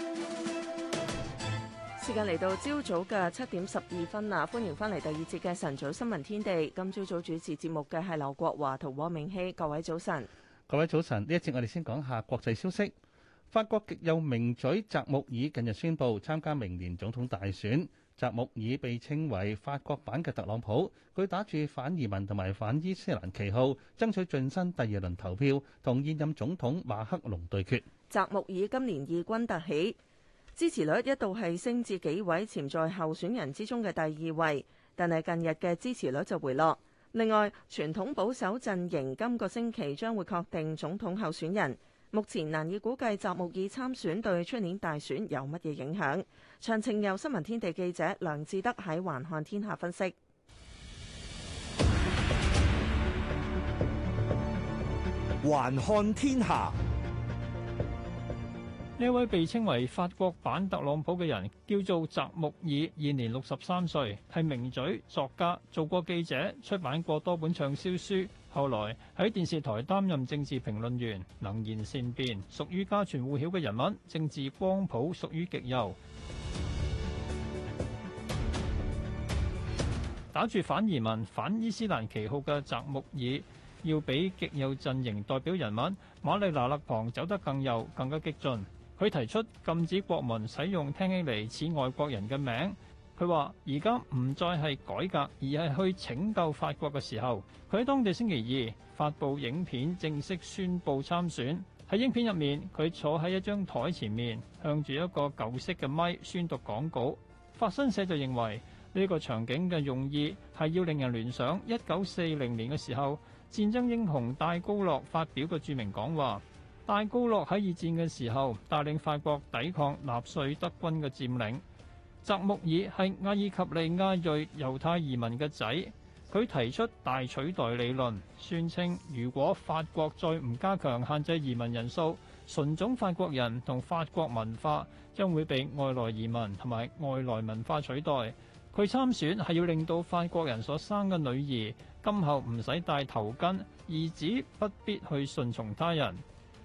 J: 時間嚟到朝早嘅七點十二分啦，歡迎翻嚟第二節嘅晨早新聞天地。今朝早主持節目嘅係劉國華同汪明熙，各位早晨，
D: 各位早晨。呢一節我哋先講下國際消息。法國極右名嘴澤穆爾近日宣布參加明年總統大選。澤穆爾被稱為法國版嘅特朗普，佢打住反移民同埋反伊斯蘭旗號，爭取晉身第二輪投票，同現任總統馬克龍對決。
J: 澤穆爾今年異軍突起。支持率一度係升至幾位潛在候選人之中嘅第二位，但係近日嘅支持率就回落。另外，傳統保守陣營今個星期將會確定總統候選人，目前難以估計澤穆爾參選對出年大選有乜嘢影響。詳情由新聞天地記者梁志德喺《環看天下》分析。
K: 環看天下。
N: 呢位被稱為法國版特朗普嘅人叫做澤穆爾，現年六十三歲，係名嘴作家，做過記者，出版過多本暢銷書，後來喺電視台擔任政治評論員，能言善辯，屬於家傳戶曉嘅人物。政治光譜屬於極右。打住反移民、反伊斯蘭旗號嘅澤穆爾要比極右陣營代表人物瑪麗娜勒龐走得更右，更加激進。佢提出禁止國民使用聽起嚟似外國人嘅名。佢話：而家唔再係改革，而係去拯救法國嘅時候。佢喺當地星期二發布影片，正式宣佈參選。喺影片入面，佢坐喺一張枱前面，向住一個舊式嘅咪宣讀廣告。法新社就認為呢個場景嘅用意係要令人聯想一九四零年嘅時候，戰爭英雄戴高樂發表嘅著名講話。戴高樂喺二戰嘅時候帶領法國抵抗納粹德軍嘅佔領。澤穆爾係阿爾及利亞裔猶太移民嘅仔，佢提出大取代理論，宣稱如果法國再唔加強限制移民人數，純種法國人同法國文化將會被外來移民同埋外來文化取代。佢參選係要令到法國人所生嘅女兒，今後唔使戴頭巾，兒子不必去順從他人。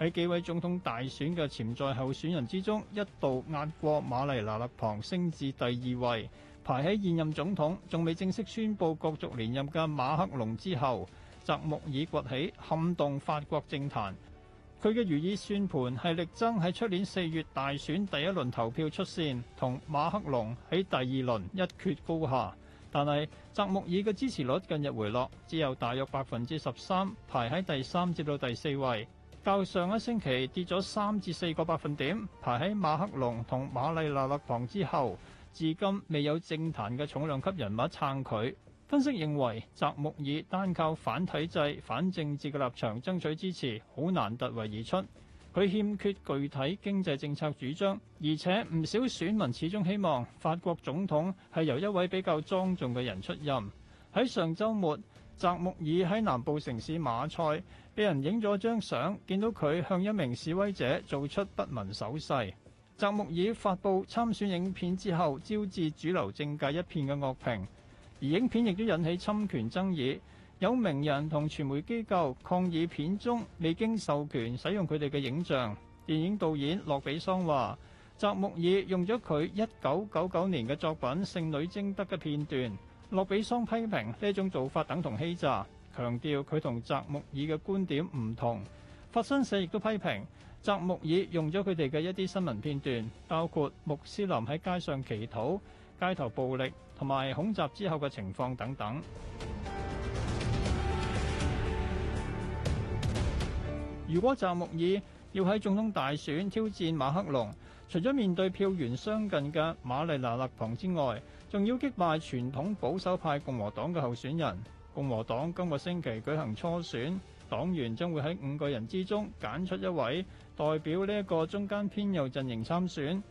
N: 喺幾位總統大選嘅潛在候選人之中，一度壓過馬尼拉勒旁，升至第二位，排喺現任總統仲未正式宣佈角逐連任嘅馬克龍之後。澤穆爾崛起，撼動法國政壇。佢嘅如意算盤係力爭喺出年四月大選第一輪投票出線，同馬克龍喺第二輪一決高下。但係澤穆爾嘅支持率近日回落，只有大約百分之十三，排喺第三至到第四位。較上一星期跌咗三至四個百分點，排喺馬克龍同瑪麗娜勒龐之後，至今未有政壇嘅重量級人物撐佢。分析認為，澤穆爾單靠反體制、反政治嘅立場爭取支持，好難突圍而出。佢欠缺具體經濟政策主張，而且唔少選民始終希望法國總統係由一位比較莊重嘅人出任。喺上周末，澤木爾喺南部城市馬賽被人影咗張相，見到佢向一名示威者做出不文手勢。澤木爾發佈參選影片之後，招致主流政界一片嘅惡評，而影片亦都引起侵權爭議。有名人同傳媒機構抗議片中未經授權使用佢哋嘅影像。電影導演洛比桑話：澤木爾用咗佢一九九九年嘅作品《聖女貞德》嘅片段。洛比桑批評呢種做法等同欺詐，強調佢同澤穆爾嘅觀點唔同。法新社亦都批評澤穆爾用咗佢哋嘅一啲新聞片段，包括穆斯林喺街上祈禱、街頭暴力同埋恐襲之後嘅情況等等。如果澤穆爾要喺總統大選挑戰馬克龍，除咗面對票源相近嘅馬麗娜勒龐之外，仲要擊敗傳統保守派共和黨嘅候選人，共和黨今個星期舉行初選，黨員將會喺五個人之中揀出一位代表呢一個中間偏右陣營參選。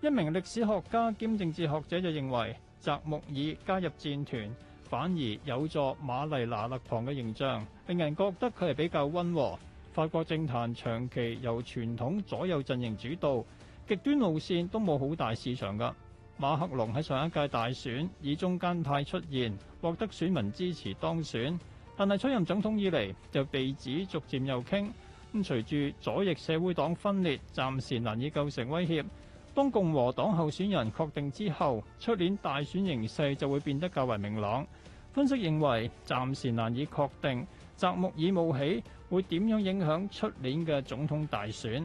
N: 一名歷史學家兼政治學者就認為，澤穆爾加入戰團反而有助馬麗拿勒旁嘅形象，令人覺得佢係比較溫和。法國政壇長期由傳統左右陣營主導，極端路線都冇好大市場㗎。馬克龍喺上一屆大選以中間派出現，獲得選民支持當選，但係出任總統以嚟就被指逐漸右傾。咁、嗯、隨住左翼社會黨分裂，暫時難以構成威脅。當共和黨候選人確定之後，出年大選形勢就會變得較為明朗。分析認為，暫時難以確定澤穆爾冒起會點樣影響出年嘅總統大選。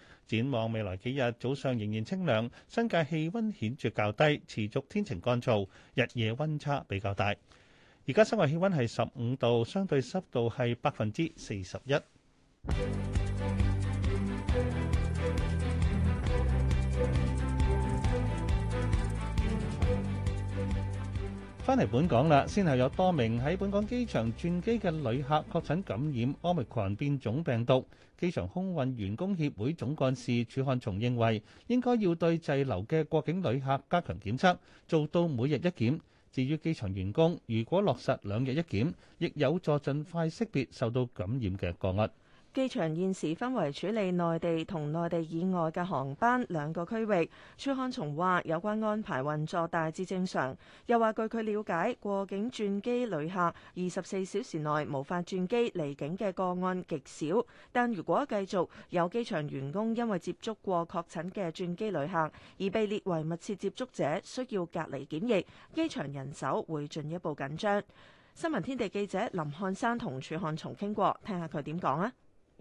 D: 展望未來幾日，早上仍然清涼，新界氣温顯著較低，持續天晴乾燥，日夜温差比較大。而家室外氣温係十五度，相對濕度係百分之四十一。翻嚟本港啦，先後有多名喺本港機場轉機嘅旅客確診感染奧密克戎變種病毒。機場空運員工協會總幹事楚漢松認為，應該要對滯留嘅國境旅客加強檢測，做到每日一檢。至於機場員工，如果落實兩日一檢，亦有助盡快識別受到感染嘅個案。
J: 機場現時分為處理內地同內地以外嘅航班兩個區域。處漢松話：有關安排運作大致正常，又話據佢了解，過境轉機旅客二十四小時內無法轉機離境嘅個案極少。但如果繼續有機場員工因為接觸過確診嘅轉機旅客而被列為密切接觸者，需要隔離檢疫，機場人手會進一步緊張。新聞天地記者林漢山同處漢松傾過，聽下佢點講啊！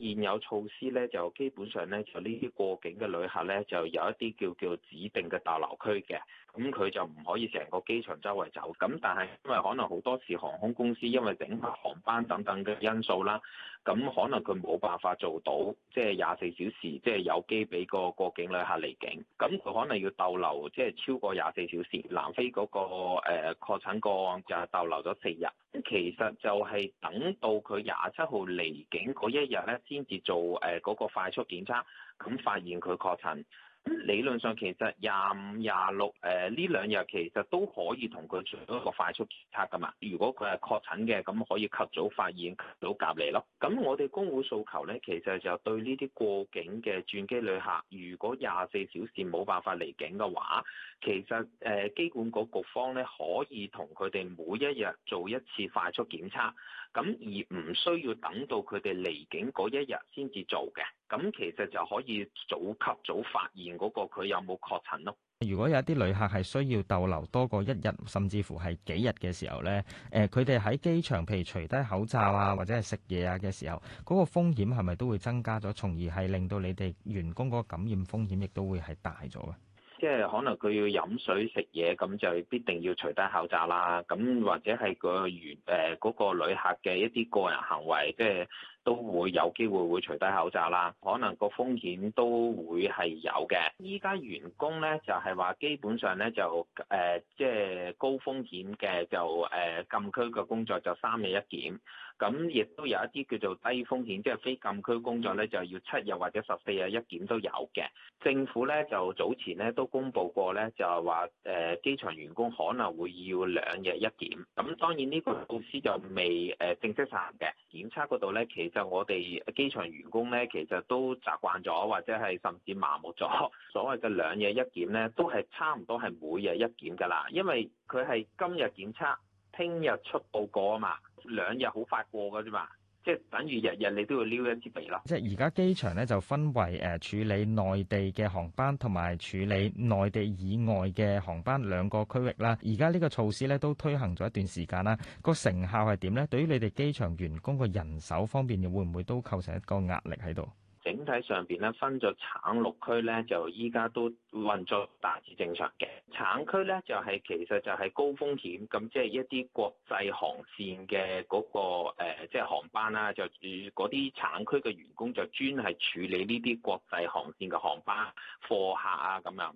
O: 現有措施咧，就基本上咧，就呢啲過境嘅旅客咧，就有一啲叫叫指定嘅逗留區嘅。咁佢就唔可以成個機場周圍走，咁但係因為可能好多時航空公司因為整合航班等等嘅因素啦，咁可能佢冇辦法做到，即係廿四小時，即係有機俾個過境旅客離境，咁佢可能要逗留，即係超過廿四小時。南非嗰個誒確診個案就逗留咗四日，咁其實就係等到佢廿七號離境嗰一日咧，先至做誒嗰個快速檢測，咁發現佢確診。理論上其實廿五、呃、廿六，誒呢兩日其實都可以同佢做一個快速檢測㗎嘛。如果佢係確診嘅，咁可以及早發現、及早隔離咯。咁我哋公務訴求呢，其實就對呢啲過境嘅轉機旅客，如果廿四小時冇辦法離境嘅話，其實誒、呃、機管局局方呢可以同佢哋每一日做一次快速檢測。咁而唔需要等到佢哋離境嗰一日先至做嘅，咁其實就可以早及早發現嗰個佢有冇確診咯。
P: 如果有啲旅客係需要逗留多過一日，甚至乎係幾日嘅時候咧，誒、呃，佢哋喺機場譬如除低口罩啊，或者係食嘢啊嘅時候，嗰個風險係咪都會增加咗，從而係令到你哋員工嗰個感染風險亦都會係大咗嘅？
O: 即係可能佢要飲水食嘢，咁就必定要除低口罩啦。咁或者係個員誒嗰個旅客嘅一啲個人行為，即係。都會有機會會除低口罩啦，可能個風險都會係有嘅。依家員工咧就係話，基本上咧就誒，即、呃、係、就是、高風險嘅就誒、呃、禁區嘅工作就三日一檢，咁亦都有一啲叫做低風險，即、就、係、是、非禁區工作咧就要七日或者十四日一檢都有嘅。政府咧就早前咧都公布過咧，就係話誒機場員工可能會要兩日一檢，咁當然呢個措施就未誒正式行檢測實行嘅檢測嗰度咧其。就我哋機場員工咧，其實都習慣咗，或者係甚至麻木咗。所謂嘅兩日一檢咧，都係差唔多係每日一檢㗎啦，因為佢係今日檢測，聽日出報告啊嘛，兩日好快過㗎啫嘛。即係等於日日你都要撩一
P: 支鼻啦。即係而家機場咧就分為誒處理內地嘅航班同埋處理內地以外嘅航班兩個區域啦。而家呢個措施咧都推行咗一段時間啦，個成效係點咧？對於你哋機場員工個人手方面，又會唔會都構成一個壓力喺度？
O: 整體上邊咧，分咗橙綠區咧，就依家都運作大致正常嘅。橙區咧就係、係、其實就係高風險，咁即係一啲國際航線嘅嗰、嗰個即係、呃就是、航班啦，就嗰啲橙區嘅員工就專係處理呢啲國際航線嘅航班貨客啊咁樣。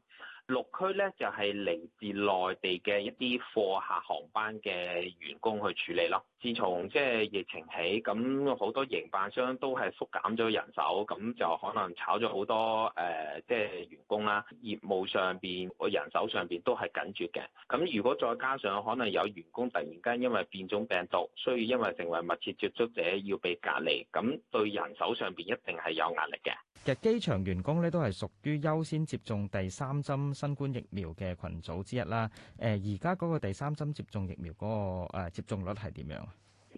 O: 六區咧就係嚟自內地嘅一啲貨客航班嘅員工去處理咯。自從即係疫情起，咁好多營辦商都係縮減咗人手，咁就可能炒咗好多誒即係員工啦。業務上邊個人手上邊都係緊絀嘅。咁如果再加上可能有員工突然間因為變種病毒，所以因為成為密切接觸者要被隔離，咁對人手上邊一定係有壓力嘅。
P: 其實機場員工咧都係屬於優先接種第三針新冠疫苗嘅群組之一啦。誒、呃，而家嗰個第三針接種疫苗嗰、那個、啊、接種率係點樣？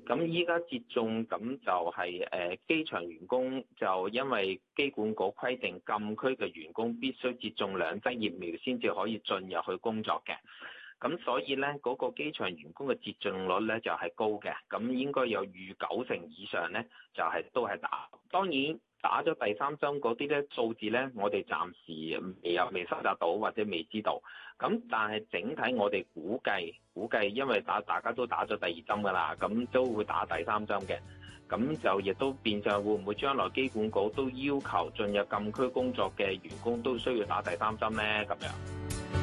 O: 咁依家接種咁就係、是、誒、呃、機場員工就因為機管局規定禁區嘅員工必須接種兩劑疫苗先至可以進入去工作嘅。咁所以咧嗰、那個機場員工嘅接種率咧就係、是、高嘅。咁應該有逾九成以上咧就係、是、都係打。當然。打咗第三針嗰啲咧數字咧，我哋暫時未有未收集到或者未知道。咁但係整體我哋估計，估計因為打大家都打咗第二針㗎喇，咁都會打第三針嘅。咁就亦都變相會唔會將來機管局都要求進入禁區工作嘅員工都需要打第三針咧？咁樣。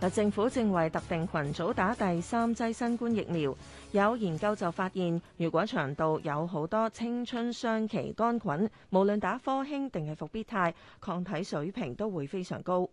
J: 特政府正為特定群組打第三劑新冠疫苗。有研究就發現，如果腸道有好多青春雙歧桿菌，無論打科興定係復必泰，抗體水平都會非常高。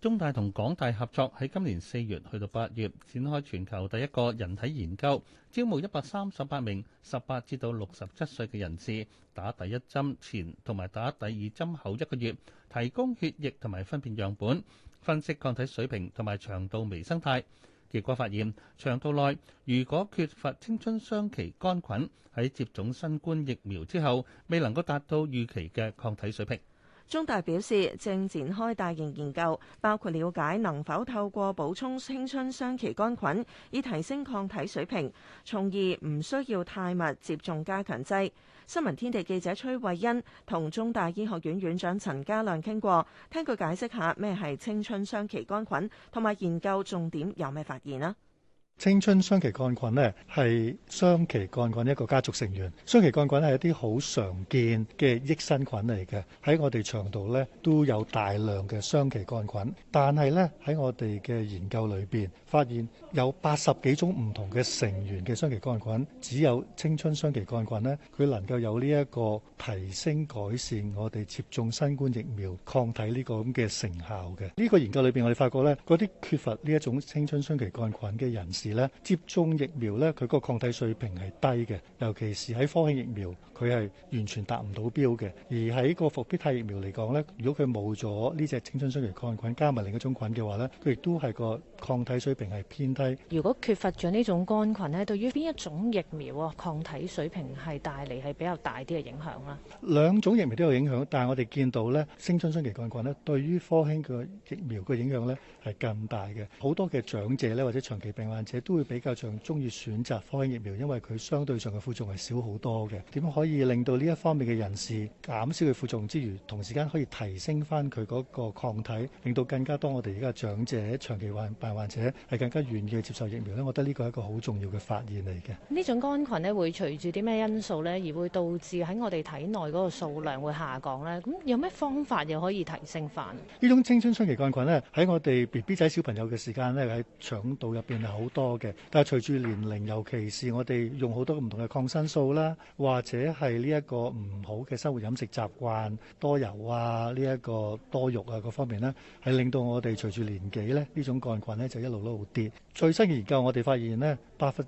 D: 中大同港大合作喺今年四月去到八月，展開全球第一個人體研究，招募一百三十八名十八至到六十七歲嘅人士，打第一針前同埋打第二針後一個月，提供血液同埋糞便樣本。分析抗體水平同埋腸道微生態，結果發現腸道內如果缺乏青春雙歧桿菌，喺接種新冠疫苗之後，未能夠達到預期嘅抗體水平。
J: 中大表示，正展開大型研究，包括了解能否透過補充青春雙歧桿菌，以提升抗體水平，從而唔需要太密接種加強劑。新聞天地記者崔慧欣同中大醫學院院長陳家亮傾過，聽佢解釋下咩係青春雙歧桿菌，同埋研究重點有咩發現啊！
Q: 青春雙歧桿菌呢係雙歧桿菌一個家族成員，雙歧桿菌咧係一啲好常見嘅益生菌嚟嘅，喺我哋腸道呢都有大量嘅雙歧桿菌。但係呢喺我哋嘅研究裏邊，發現有八十幾種唔同嘅成員嘅雙歧桿菌，只有青春雙歧桿菌呢，佢能夠有呢一個提升改善我哋接種新冠疫苗抗體呢個咁嘅成效嘅。呢個研究裏邊，我哋發覺呢嗰啲缺乏呢一種青春雙歧桿菌嘅人士。咧接種疫苗咧，佢個抗體水平係低嘅，尤其是喺科興疫苗，佢係完全達唔到標嘅。而喺個復必泰疫苗嚟講咧，如果佢冇咗呢隻青春雙歧桿菌，加埋另一種菌嘅話咧，佢亦都係個抗體水平係偏低。
I: 如果缺乏咗呢種桿菌咧，對於邊一種疫苗啊，抗體水平係帶嚟係比較大啲嘅影響啦。
Q: 兩種疫苗都有影響，但係我哋見到咧，青春雙歧桿菌咧，對於科興嘅疫苗嘅影響咧係更大嘅。好多嘅長者咧，或者長期病患者都會比較上鍾意選擇科興疫苗，因為佢相對上嘅副作用係少好多嘅。點可以令到呢一方面嘅人士減少佢副作用之餘，同時間可以提升翻佢嗰個抗體，令到更加多我哋而家長者長期患或者係更加願意接受疫苗咧，我覺得呢個係一個好重要嘅發現嚟嘅。
I: 呢種桿菌咧，會隨住啲咩因素咧，而會導致喺我哋體內嗰個數量會下降咧？咁有咩方法又可以提升翻？
Q: 呢種青春雙歧桿菌咧，喺我哋 B B 仔小朋友嘅時間咧，喺腸道入邊係好多嘅。但係隨住年齡，尤其是我哋用好多唔同嘅抗生素啦，或者係呢一個唔好嘅生活飲食習慣、多油啊、呢、這、一個多肉啊嗰、那個、方面咧，係令到我哋隨住年紀咧，呢種桿菌。咧就一路一路跌。最新研究，我哋發現呢，百分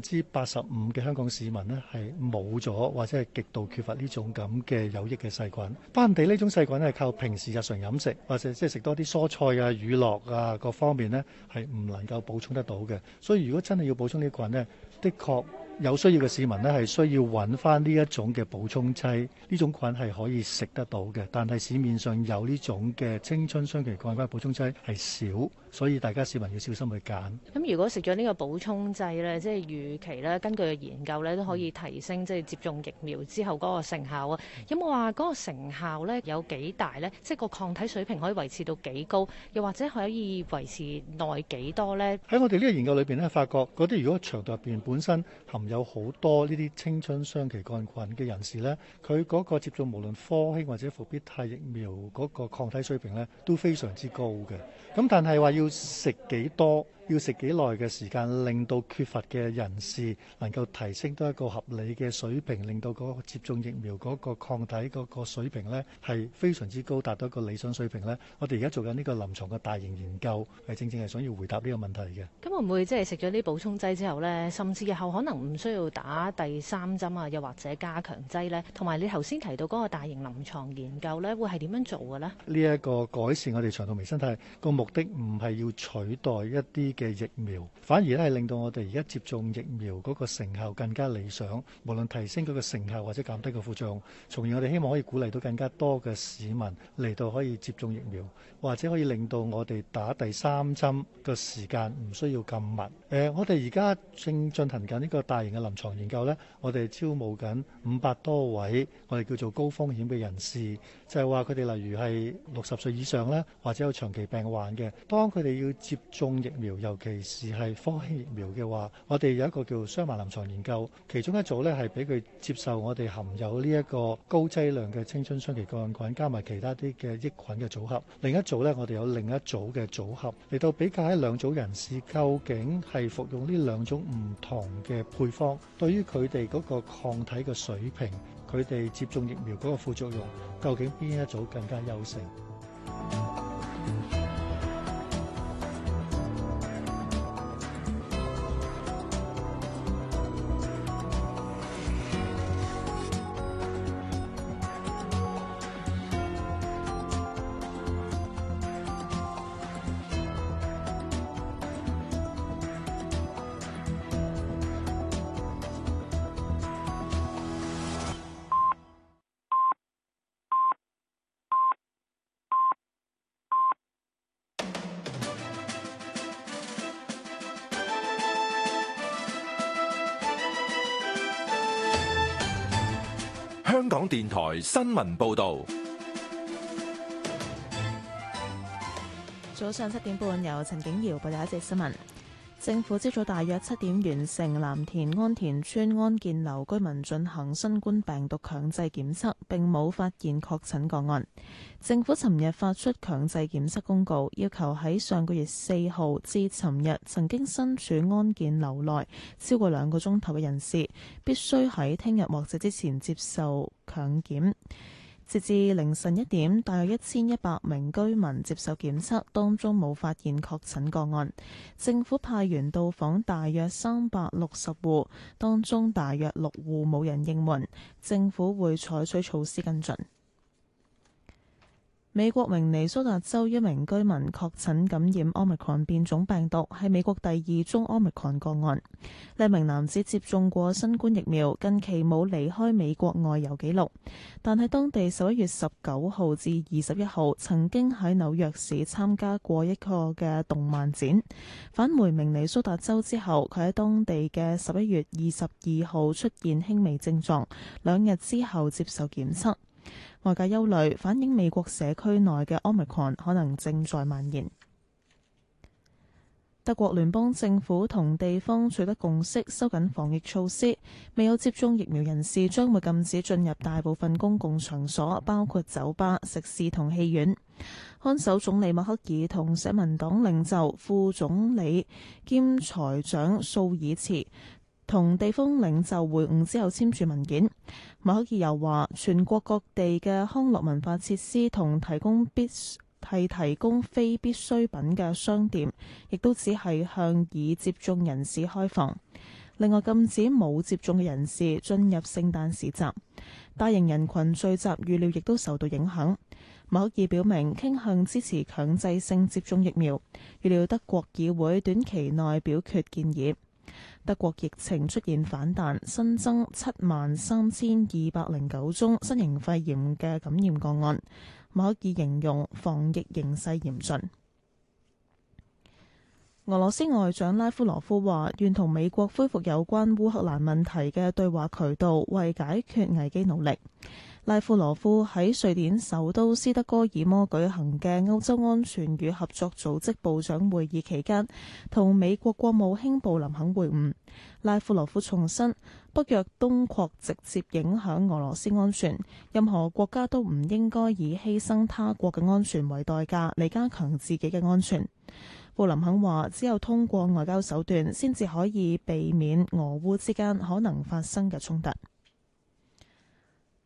Q: 之八十五嘅香港市民呢係冇咗，或者係極度缺乏呢種咁嘅有益嘅細菌。當地呢種細菌咧，係靠平時日常飲食或者即係食多啲蔬菜啊、乳酪啊各方面呢，係唔能夠補充得到嘅。所以如果真係要補充呢啲菌呢，的確有需要嘅市民呢係需要揾翻呢一種嘅補充劑。呢種菌係可以食得到嘅，但係市面上有呢種嘅青春雙歧桿菌補充劑係少。所以大家市民要小心去揀。
I: 咁如果食咗呢個補充劑咧，即係預期咧，根據研究咧都可以提升即係接種疫苗之後嗰個成效啊。有冇話嗰個成效咧有幾大咧？即係個抗體水平可以維持到幾高，又或者可以維持耐幾多咧？
Q: 喺我哋呢個研究裏邊咧，發覺嗰啲如果腸道入邊本身含有好多呢啲青春雙歧桿菌嘅人士咧，佢嗰個接種無論科興或者復必泰疫苗嗰個抗體水平咧都非常之高嘅。咁但係話要要食幾多？ 要食幾耐嘅時間，令到缺乏嘅人士能夠提升多一個合理嘅水平，令到嗰個接種疫苗嗰個抗體嗰個水平呢係非常之高，達到一個理想水平呢，我哋而家做緊呢個臨床嘅大型研究，係正正係想要回答呢個問題嘅。
I: 咁會唔會即係食咗啲補充劑之後呢？甚至以後可能唔需要打第三針啊，又或者加強劑呢？同埋你頭先提到嗰個大型臨床研究呢，會係點樣做嘅呢？
Q: 呢一個改善我哋腸道微生態個目的，唔係要取代一啲嘅疫苗反而咧係令到我哋而家接種疫苗嗰個成效更加理想，無論提升嗰個成效或者減低個副作用，從而我哋希望可以鼓勵到更加多嘅市民嚟到可以接種疫苗，或者可以令到我哋打第三針個時間唔需要咁密。誒、欸，我哋而家正進行緊呢個大型嘅臨床研究咧，我哋招募緊五百多位我哋叫做高風險嘅人士，就係話佢哋例如係六十歲以上咧，或者有長期病患嘅，當佢哋要接種疫苗。尤其是係科興疫苗嘅話，我哋有一個叫雙盲臨床研究，其中一組咧係俾佢接受我哋含有呢一個高劑量嘅青春雙歧桿菌加埋其他啲嘅益菌嘅組合，另一組呢，我哋有另一組嘅組合嚟到比較，喺兩組人士究竟係服用呢兩種唔同嘅配方，對於佢哋嗰個抗體嘅水平，佢哋接種疫苗嗰個副作用，究竟邊一組更加優勝？
A: 新聞報導。
R: 早上七點半，由陳景瑤報道一則新聞。政府朝早大約七點完成藍田安田村安建樓居民進行新冠病毒強制檢測，並冇發現確診個案。政府尋日發出強制檢測公告，要求喺上個月四號至尋日曾經身處安建樓內超過兩個鐘頭嘅人士，必須喺聽日或者之前接受強檢。截至凌晨一點，大約一千一百名居民接受檢測，當中冇發現確診個案。政府派員到訪大約三百六十戶，當中大約六戶冇人應門，政府會採取措施跟進。美國明尼蘇達州一名居民確診感染 Omicron 變種病毒，係美國第二宗 Omicron 個案。呢名男子接種過新冠疫苗，近期冇離開美國外遊記錄，但係當地十一月十九號至二十一號曾經喺紐約市參加過一個嘅動漫展。返回明尼蘇達州之後，佢喺當地嘅十一月二十二號出現輕微症狀，兩日之後接受檢測。外界憂慮，反映美國社區內嘅 omicron 可能正在蔓延。德國聯邦政府同地方取得共識，收緊防疫措施。未有接種疫苗人士將會禁止進入大部分公共場所，包括酒吧、食肆同戲院。看守總理默克爾同社民黨領袖、副總理兼財長素爾茨同地方領袖會晤之後簽署文件。默克爾又話全國各地嘅康樂文化設施同提供必系提，提供非必需品嘅商店，亦都只係向已接種人士開放。另外，禁止冇接種嘅人士進入聖誕市集。大型人群聚集預料亦都受到影響，默克爾表明傾向支持強制性接種疫苗，預料德國議會短期內表決建議。德國疫情出現反彈，新增七萬三千二百零九宗新型肺炎嘅感染個案。馬克爾形容防疫形勢嚴峻。俄羅斯外長拉夫羅夫話，願同美國恢復有關烏克蘭問題嘅對話渠道，為解決危機努力。拉夫羅夫喺瑞典首都斯德哥爾摩舉行嘅歐洲安全與合作組織部長會議期間，同美國國務卿布林肯會晤。拉夫羅夫重申，北約東擴直接影響俄羅斯安全，任何國家都唔應該以犧牲他國嘅安全為代價嚟加強自己嘅安全。布林肯話，只有通過外交手段，先至可以避免俄烏之間可能發生嘅衝突。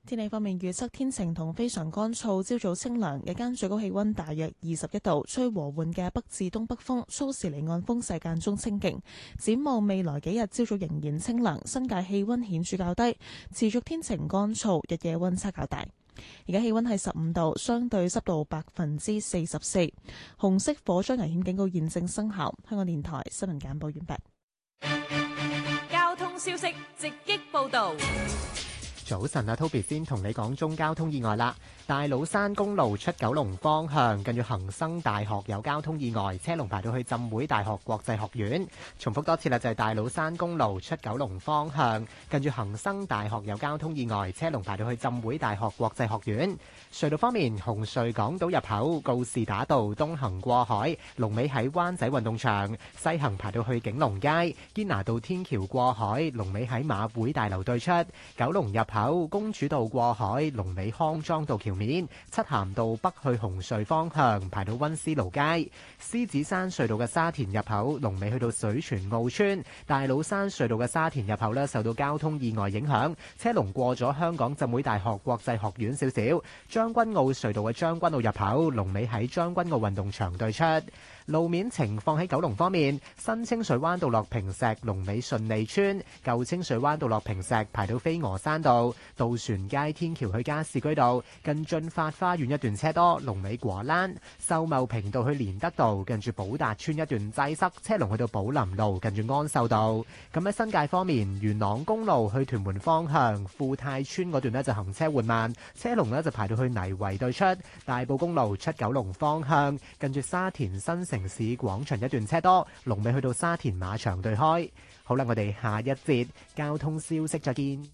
R: 天氣方面，預測天晴同非常乾燥，朝早清涼，日間最高氣溫大約二十一度，吹和緩嘅北至東北風，初時離岸風勢間中清勁。展望未來幾日，朝早仍然清涼，新界氣溫顯著較低，持續天晴乾燥，日夜溫差較大。而家氣溫係十五度，相對濕度百分之四十四，紅色火災危險警告現正生效。香港電台新聞簡報完畢。
I: 交通消息直擊報道。
L: 早晨啊，Toby 先同你講宗交通意外啦。大老山公路出九龍方向，近住恒生大學有交通意外，車龍排到去浸會大學國際學院。重複多次啦，就係、是、大老山公路出九龍方向，近住恒生大學有交通意外，車龍排到去浸會大學國際學院。隧道方面，紅隧港島入口告士打道東行過海，龍尾喺灣仔運動場；西行排到去景隆街，堅拿道天橋過海，龍尾喺馬會大樓對出；九龍入口公主道過海，龍尾康莊道橋。面漆咸道北去紅隧方向排到溫思勞街，獅子山隧道嘅沙田入口龍尾去到水泉澳村，大老山隧道嘅沙田入口呢，受到交通意外影響，車龍過咗香港浸會大學國際學院少少，將軍澳隧道嘅將軍澳入口龍尾喺將軍澳運動場對出。路面情況喺九龍方面，新清水灣道落坪石龍尾順利村，舊清水灣道落坪石排到飛鵝山道，渡船街天橋去加士居道，近俊發花園一段車多，龍尾果欄，秀茂坪道去連德道，近住寶達邨一段擠塞，車龍去到寶林路，近住安秀道。咁喺新界方面，元朗公路去屯門方向，富泰村嗰段呢，就行車緩慢，車龍呢，就排到去泥圍對出，大埔公路出九龍方向，近住沙田新。城市廣場一段車多，龍尾去到沙田馬場對開。好啦，我哋下一節交通消息再見。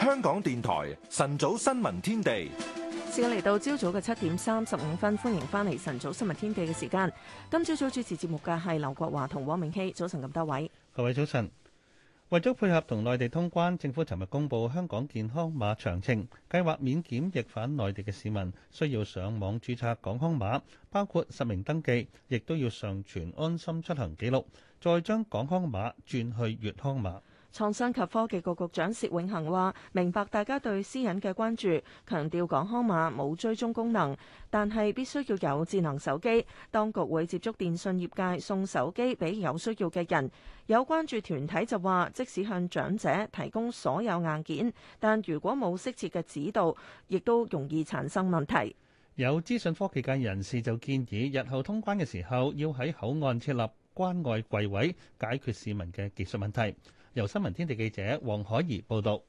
C: 香港電台晨早新聞天地，
J: 時間嚟到朝早嘅七點三十五分，歡迎翻嚟晨早新聞天地嘅時間。今朝早主持節目嘅係劉國華同汪明希，早晨咁多位，
D: 各位早晨。為咗配合同內地通關，政府尋日公布香港健康碼詳情，計劃免檢疫返內地嘅市民需要上網註冊港康碼，包括實名登記，亦都要上傳安心出行記錄，再將港康碼轉去粵康碼。
J: 創新及科技局局長薛永恆話：明白大家對私隱嘅關注，強調港康碼冇追蹤功能，但係必須要有智能手機。當局會接觸電信業界，送手機俾有需要嘅人。有關注團體就話，即使向長者提供所有硬件，但如果冇適切嘅指導，亦都容易產生問題。
D: 有資訊科技界人士就建議，日後通關嘅時候要喺口岸設立關外櫃位，解決市民嘅技術問題。由新聞天地記者黃海怡報道，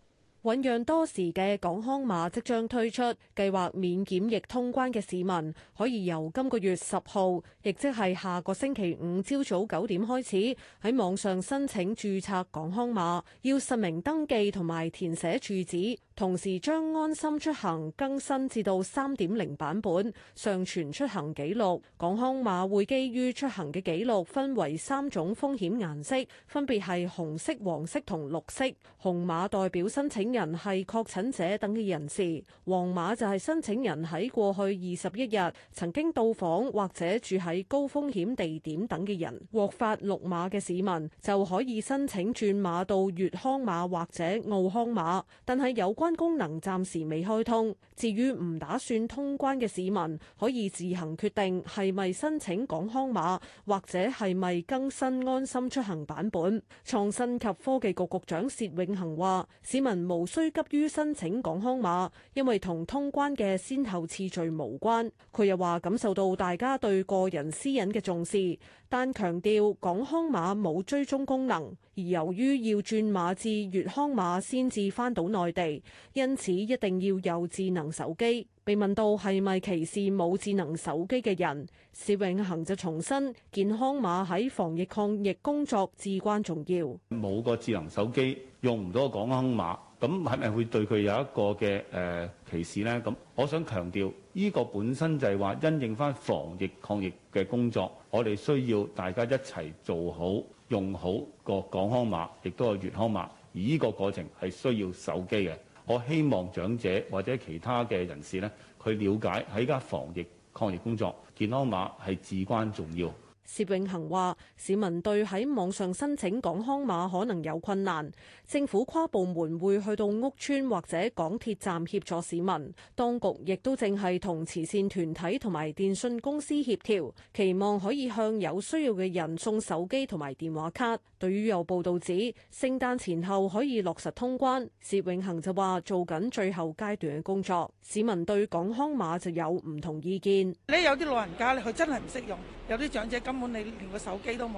S: 醖釀多時嘅港康碼即將推出，計劃免檢疫通關嘅市民可以由今個月十號，亦即係下個星期五朝早九點開始喺網上申請註冊港康碼，要實名登記同埋填寫住址。同時將安心出行更新至到三點零版本，上傳出行記錄。港康碼會基於出行嘅記錄，分為三種風險顏色，分別係紅色、黃色同綠色。紅碼代表申請人係確診者等嘅人士，黃碼就係申請人喺過去二十一日曾經到訪或者住喺高風險地點等嘅人。獲發綠碼嘅市民就可以申請轉碼到粵康碼或者澳康碼，但係有關功能暫時未開通。至於唔打算通關嘅市民，可以自行決定係咪申請港康碼，或者係咪更新安心出行版本。創新及科技局局長薛永恆話：市民無需急於申請港康碼，因為同通關嘅先後次序無關。佢又話感受到大家對個人私隱嘅重視，但強調港康碼冇追蹤功能。而由於要轉碼至粵康碼先至翻到內地，因此一定要有智能手機。被問到係咪歧視冇智能手機嘅人，薛永恆就重申健康碼喺防疫抗疫工作至關重要。
D: 冇個智能手機用唔到港康碼，咁係咪會對佢有一個嘅誒歧視呢？」咁我想強調，呢、呢個本身就係話因應翻防疫抗疫嘅工作，我哋需要大家一齊做好。用好個港康碼，亦都係粵康碼，而呢個過程係需要手機嘅。我希望長者或者其他嘅人士呢，佢了解喺家防疫抗疫工作，健康碼係至關重要。
S: 薛永恆話：市民對喺網上申請港康碼可能有困難。政府跨部門會去到屋邨或者港鐵站協助市民，當局亦都淨係同慈善團體同埋電訊公司協調，期望可以向有需要嘅人送手機同埋電話卡。對於有報道指聖誕前後可以落實通關，薛永恆就話做緊最後階段嘅工作。市民對港康碼就有唔同意見。你有啲老人家咧，佢真係唔識用，有啲長者
D: 根本你連個手機都冇，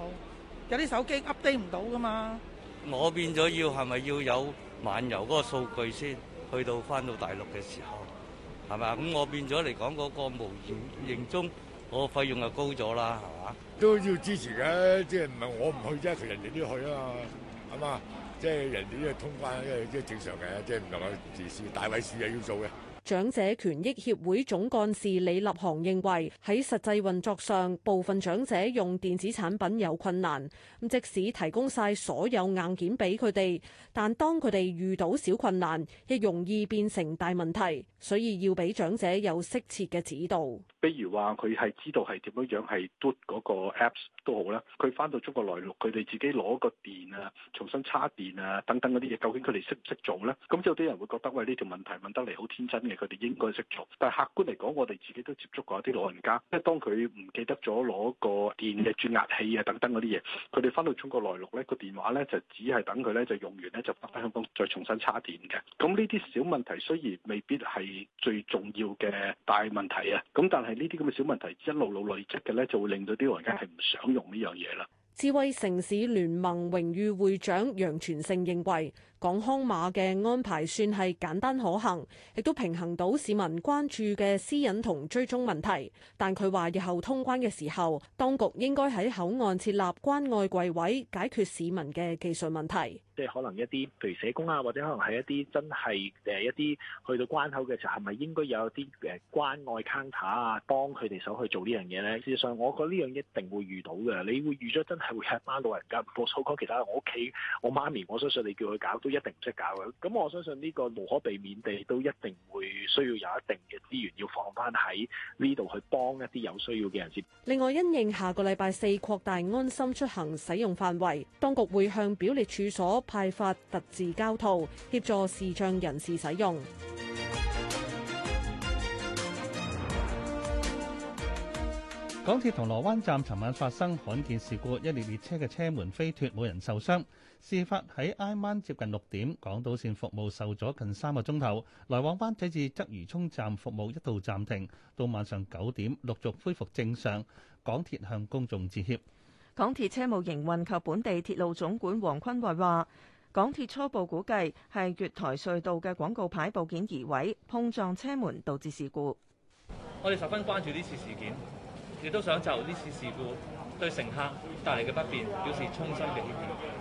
D: 有啲手機 update 唔到㗎嘛。
C: 我變咗要係咪要有漫遊嗰個數據先，去到翻到大陸嘅時候，係嘛？咁我變咗嚟講嗰個無形形中，我費用又高咗啦，係嘛？
G: 都要支持嘅、啊，即係唔係我唔去啫，其實人哋都要去啊嘛，係嘛？即係人哋都係通關，因為即係正常嘅，即係唔同嘅自私，大位事又要做嘅。
S: 長者權益協會總幹事李立航認為，喺實際運作上，部分長者用電子產品有困難。即使提供晒所有硬件俾佢哋，但當佢哋遇到小困難，亦容易變成大問題。所以要俾長者有適切嘅指導。
G: 比如話佢係知道係點樣樣係嘟嗰個 apps。都好啦，佢翻到中國內陸，佢哋自己攞個電啊，重新插電啊，等等嗰啲嘢，究竟佢哋識唔識做呢？咁有啲人會覺得，喂，呢條問題問得嚟好天真嘅，佢哋應該識做。但係客觀嚟講，我哋自己都接觸過一啲老人家，即係當佢唔記得咗攞個電嘅轉壓器啊，等等嗰啲嘢，佢哋翻到中國內陸呢，個電話呢，就只係等佢呢就用完呢，就翻翻香港再重新插電嘅。咁呢啲小問題雖然未必係最重要嘅大問題啊，咁但係呢啲咁嘅小問題一路路累積嘅呢，就會令到啲老人家係唔想。用呢樣嘢啦。
S: 智慧城市聯盟榮譽會長楊全勝認為。港康碼嘅安排算係簡單可行，亦都平衡到市民關注嘅私隱同追蹤問題。但佢話，以後通關嘅時候，當局應該喺口岸設立關愛櫃位，解決市民嘅技術問題。
O: 即係可能一啲，譬如社工啊，或者可能係一啲真係誒一啲去到關口嘅時候，係咪應該有
G: 一啲誒關愛 counter 啊，幫佢哋手去做呢樣嘢呢？事實上，我覺得呢樣一定會遇到嘅。你會預咗真係會有一班老人家，唔好講其他，我屋企我媽咪，我相信你叫佢搞一定唔識搞嘅，咁我相信呢個無可避免地都一定會需要有一定嘅資源要放翻喺呢度去幫一啲有需要嘅人先。
S: 另外，因應下個禮拜四擴大安心出行使用範圍，當局會向表列處所派發特製膠套，協助視障人士使用。
D: 港鐵銅鑼灣站昨晚發生罕見事故，一列列，列車嘅車門飛脱，冇人受傷。事發喺挨晚接近六點，港島線服務受阻近三個鐘頭，來往灣仔至鰂魚湧站服務一度暫停，到晚上九點陸續恢復正常。港鐵向公眾致歉。
J: 港鐵車務營運及本地鐵路總管黃坤偉話：港鐵初步估計係月台隧道嘅廣告牌部件移位碰撞車門，導致事故。
C: 我哋十分關注呢次事件，亦都想就呢次事故對乘客帶嚟嘅不便表示衷心嘅歉意。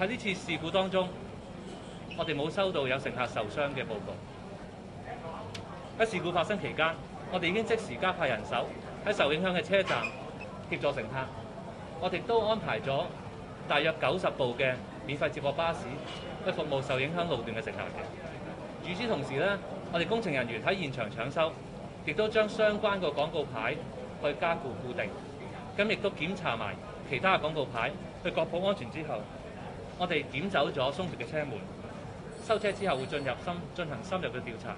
C: 喺呢次事故當中，我哋冇收到有乘客受傷嘅報告。喺事故發生期間，我哋已經即時加派人手喺受影響嘅車站協助乘客。我哋都安排咗大約九十部嘅免費接駁巴士去服務受影響路段嘅乘客嘅。與此同時呢，我哋工程人員喺現場搶修，亦都將相關嘅廣告牌去加固固定。咁亦都檢查埋其他嘅廣告牌去確保安全之後，我哋點走咗鬆脫嘅車門，收車之後會進入深進行深入嘅調查。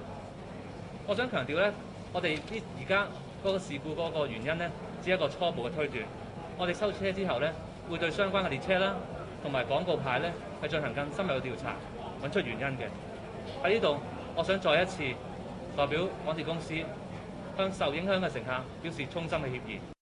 C: 我想強調咧，我哋啲而家嗰個事故嗰個原因咧，只係一個初步嘅推斷。我哋收車之後咧，會對相關嘅列車啦，同埋廣告牌咧，係進行更深入嘅調查，揾出原因嘅。喺呢度，我想再一次代表港鐵公司向受影響嘅乘客表示衷心嘅歉意。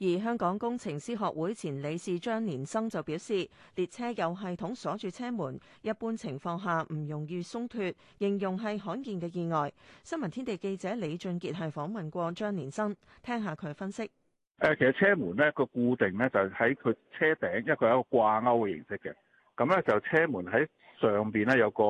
J: 而香港工程師學會前理事張連生就表示，列車有系統鎖住車門，一般情況下唔容易鬆脱，形容係罕見嘅意外。新聞天地記者李俊傑係訪問過張連生，聽下佢嘅分析。
G: 誒，其實車門咧個固定咧就喺佢車頂，因為佢有一個掛鈎嘅形式嘅。咁咧就車門喺上邊咧有個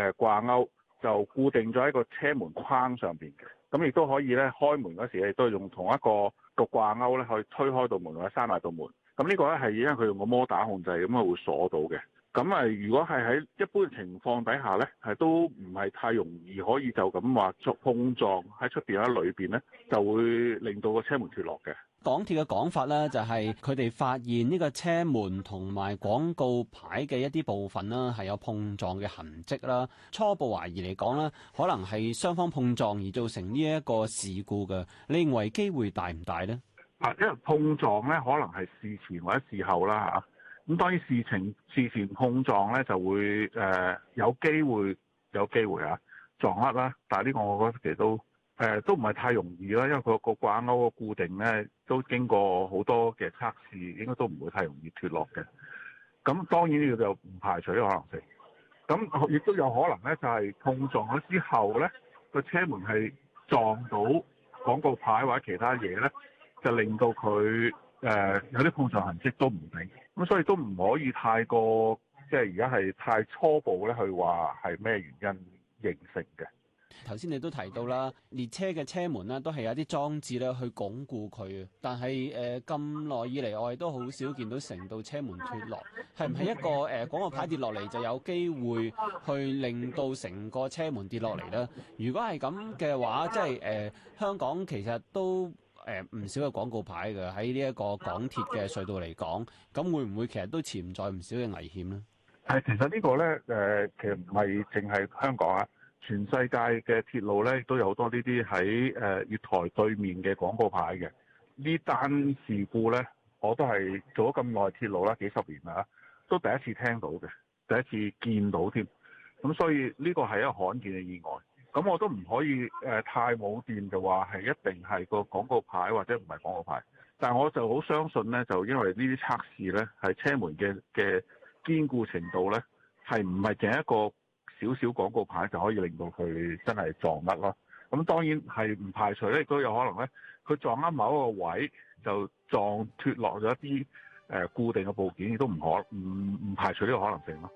G: 誒掛鈎，就固定咗喺個車門框上邊嘅。咁亦都可以咧開門嗰時，亦都用同一個個掛鈎咧可以推開道門或者閂埋道門，咁呢個咧係因為佢用個摩打控制，咁啊會鎖到嘅。咁啊，如果係喺一般情況底下咧，係都唔係太容易可以就咁話作碰撞喺出邊喺裏邊咧，就會令到個車門脫落嘅。
T: 港鐵嘅講法咧，就係佢哋發現呢個車門同埋廣告牌嘅一啲部分啦，係有碰撞嘅痕跡啦。初步懷疑嚟講咧，可能係雙方碰撞而造成呢一個事故嘅。你認為機會大唔大呢？啊，因為碰撞咧，可
G: 能係事前或者事後啦吓，咁當然事情事前碰撞咧，就會誒有機會有機會啊撞甩啦。但係呢個我覺得其實都～誒、呃、都唔係太容易啦，因為佢個掛鈎個固定咧都經過好多嘅測試，應該都唔會太容易脫落嘅。咁當然呢個就唔排除呢個可能性。咁亦都有可能咧，就係、是、碰撞咗之後咧，個車門係撞到廣告牌或者其他嘢咧，就令到佢誒、呃、有啲碰撞痕跡都唔定。咁所以都唔可以太過即係而家係太初步咧去話係咩原因形成嘅。
T: 頭先你都提到啦，列車嘅車門咧都係有啲裝置咧去鞏固佢嘅，但係誒咁耐以嚟，我哋都好少見到成道車門脱落，係唔係一個誒、呃、廣告牌跌落嚟就有機會去令到成個車門跌落嚟咧？如果係咁嘅話，即係誒、呃、香港其實都誒唔、呃、少嘅廣告牌嘅喺呢一個港鐵嘅隧道嚟講，咁會唔會其實都潛在唔少嘅危險咧？
G: 誒、呃，其實呢個咧誒，其實唔係淨係香港啊。全世界嘅鐵路咧，都有好多呢啲喺誒月台對面嘅廣告牌嘅。呢單事故呢，我都係做咗咁耐鐵路啦，幾十年啦，都第一次聽到嘅，第一次見到添。咁所以呢個係一個罕見嘅意外。咁我都唔可以誒太武斷就話係一定係個廣告牌或者唔係廣告牌。但係我就好相信呢，就因為呢啲測試呢，係車門嘅嘅堅固程度呢，係唔係淨一個。少少廣告牌就可以令到佢真係撞甩咯，咁當然係唔排除咧，亦都有可能咧，佢撞啱某一個位就撞脫落咗一啲誒固定嘅部件，亦都唔可唔唔排除呢個可能性咯。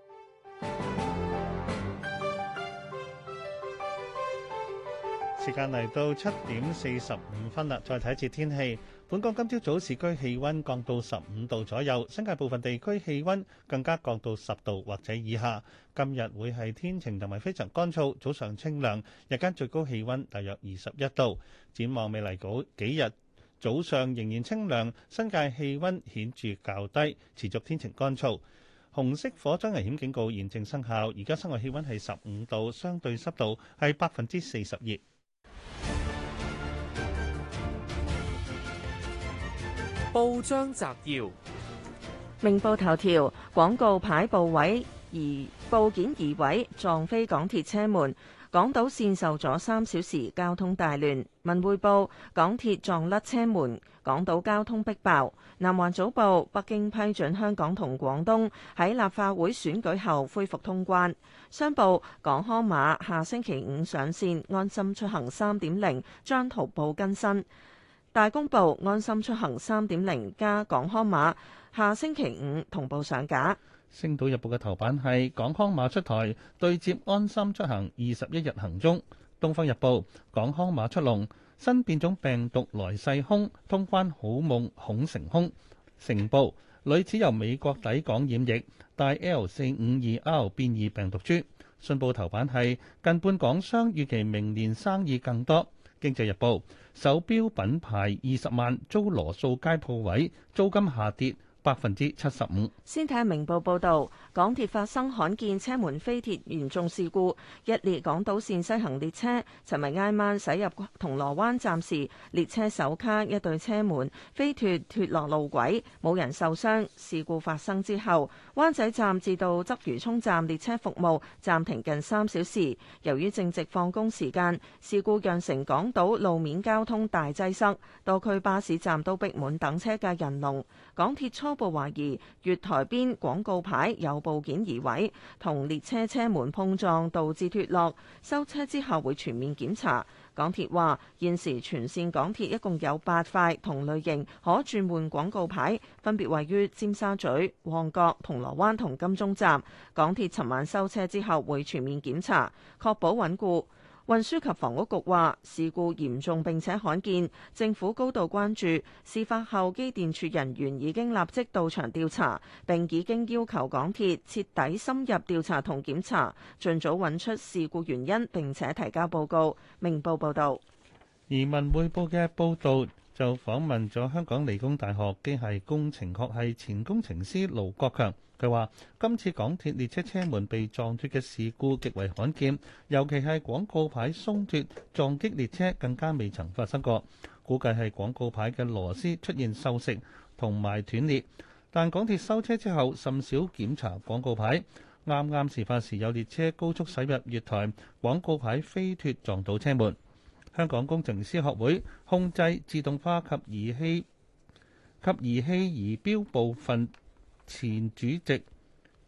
D: 時間嚟到七點四十五分啦，再睇一次天氣。本港今朝早市區氣溫降到15度左右，新界部分地區氣溫更加降到10度或者以下。今日會係天晴同埋非常乾燥，早上清涼，日間最高氣溫大約21度。展望未來嗰幾日，早上仍然清涼，新界氣溫顯著較低，持續天晴乾燥。紅色火災危險警告現正生效，而家室外氣溫係15度，相對濕度係百分之四十二。
J: 報章摘要：明報頭條，廣告牌部位移，部件移位撞飛港鐵車門，港島線受阻三小時交通大亂。文匯報，港鐵撞甩車門，港島交通逼爆。南華早報，北京批准香港同廣東喺立法會選舉後恢復通關。商報，港康碼下星期五上線，安心出行三點零將同步更新。大公報安心出行3.0加港康碼，下星期五同步上架。星島日報嘅頭版係港康碼
D: 出台，對接安心出行二十一日行蹤。東方日報港康碼出籠，新變種病毒來勢兇，通關好夢恐成空。成報女子由美國抵港染疫，帶 L 452 R 變異病毒株。信報頭版係近半港商預期明年生意更多。經濟日報。手錶品牌二十萬租羅素街鋪位，租金下跌。百分之七十五。
J: 先睇下明報報道，港鐵發生罕見車門飛鐵嚴重事故，一列港島線西行列車尋日挨晚駛入銅鑼灣站時，列車首卡一對車門飛脱脱落路軌，冇人受傷。事故發生之後，灣仔站至到鰂魚涌站列車服務暫停近三小時。由於正值放工時間，事故釀成港島路面交通大擠塞，多區巴士站都逼滿等車嘅人龍。港鐵初步懷疑月台邊廣告牌有部件移位，同列車車門碰撞導致脱落。收車之後會全面檢查。港鐵話，現時全線港鐵一共有八塊同類型可轉換廣告牌，分別位於尖沙咀、旺角、銅鑼灣同金鐘站。港鐵尋晚收車之後會全面檢查，確保穩固。運輸及房屋局話，事故嚴重並且罕見，政府高度關注。事發後，機電處人員已經立即到場調查，並已經要求港鐵徹底深入調查同檢查，盡早揾出事故原因，並且提交報告。明報報道。
D: 而文匯報嘅報道就訪問咗香港理工大學機械工程學系前工程師盧國強。佢話：今次港鐵列車車門被撞脱嘅事故極為罕見，尤其係廣告牌鬆脱撞擊列車更加未曾發生過。估計係廣告牌嘅螺絲出現鏽蝕同埋斷裂。但港鐵收車之後甚少檢查廣告牌。啱啱事發時有列車高速駛入月台，廣告牌飛脱撞到車門。香港工程師學會控制自動化及儀器及儀器儀表部分。前主席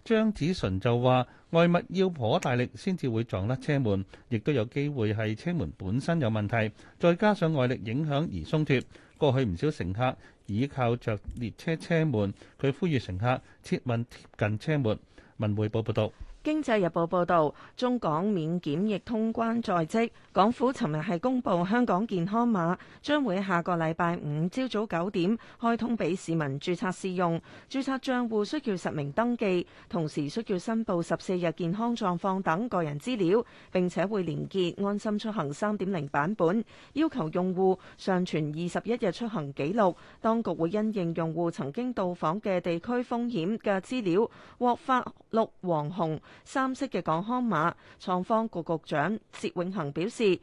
D: 張子純就話：外物要頗大力先至會撞甩車門，亦都有機會係車門本身有問題，再加上外力影響而鬆脱。過去唔少乘客倚靠着列車車門，佢呼籲乘客切勿貼近車門。文匯報報道。
J: 經濟日報報導，中港免檢疫通關在即。港府尋日係公布香港健康碼將會喺下個禮拜五朝早九點開通，俾市民註冊試用。註冊帳戶需要實名登記，同時需要申報十四日健康狀況等個人資料。並且會連結安心出行3.0版本，要求用戶上傳二十一日出行記錄。當局會因應用戶曾經到訪嘅地區風險嘅資料，獲發綠黃紅。三色嘅港康碼，創方局局長薛永恒表示，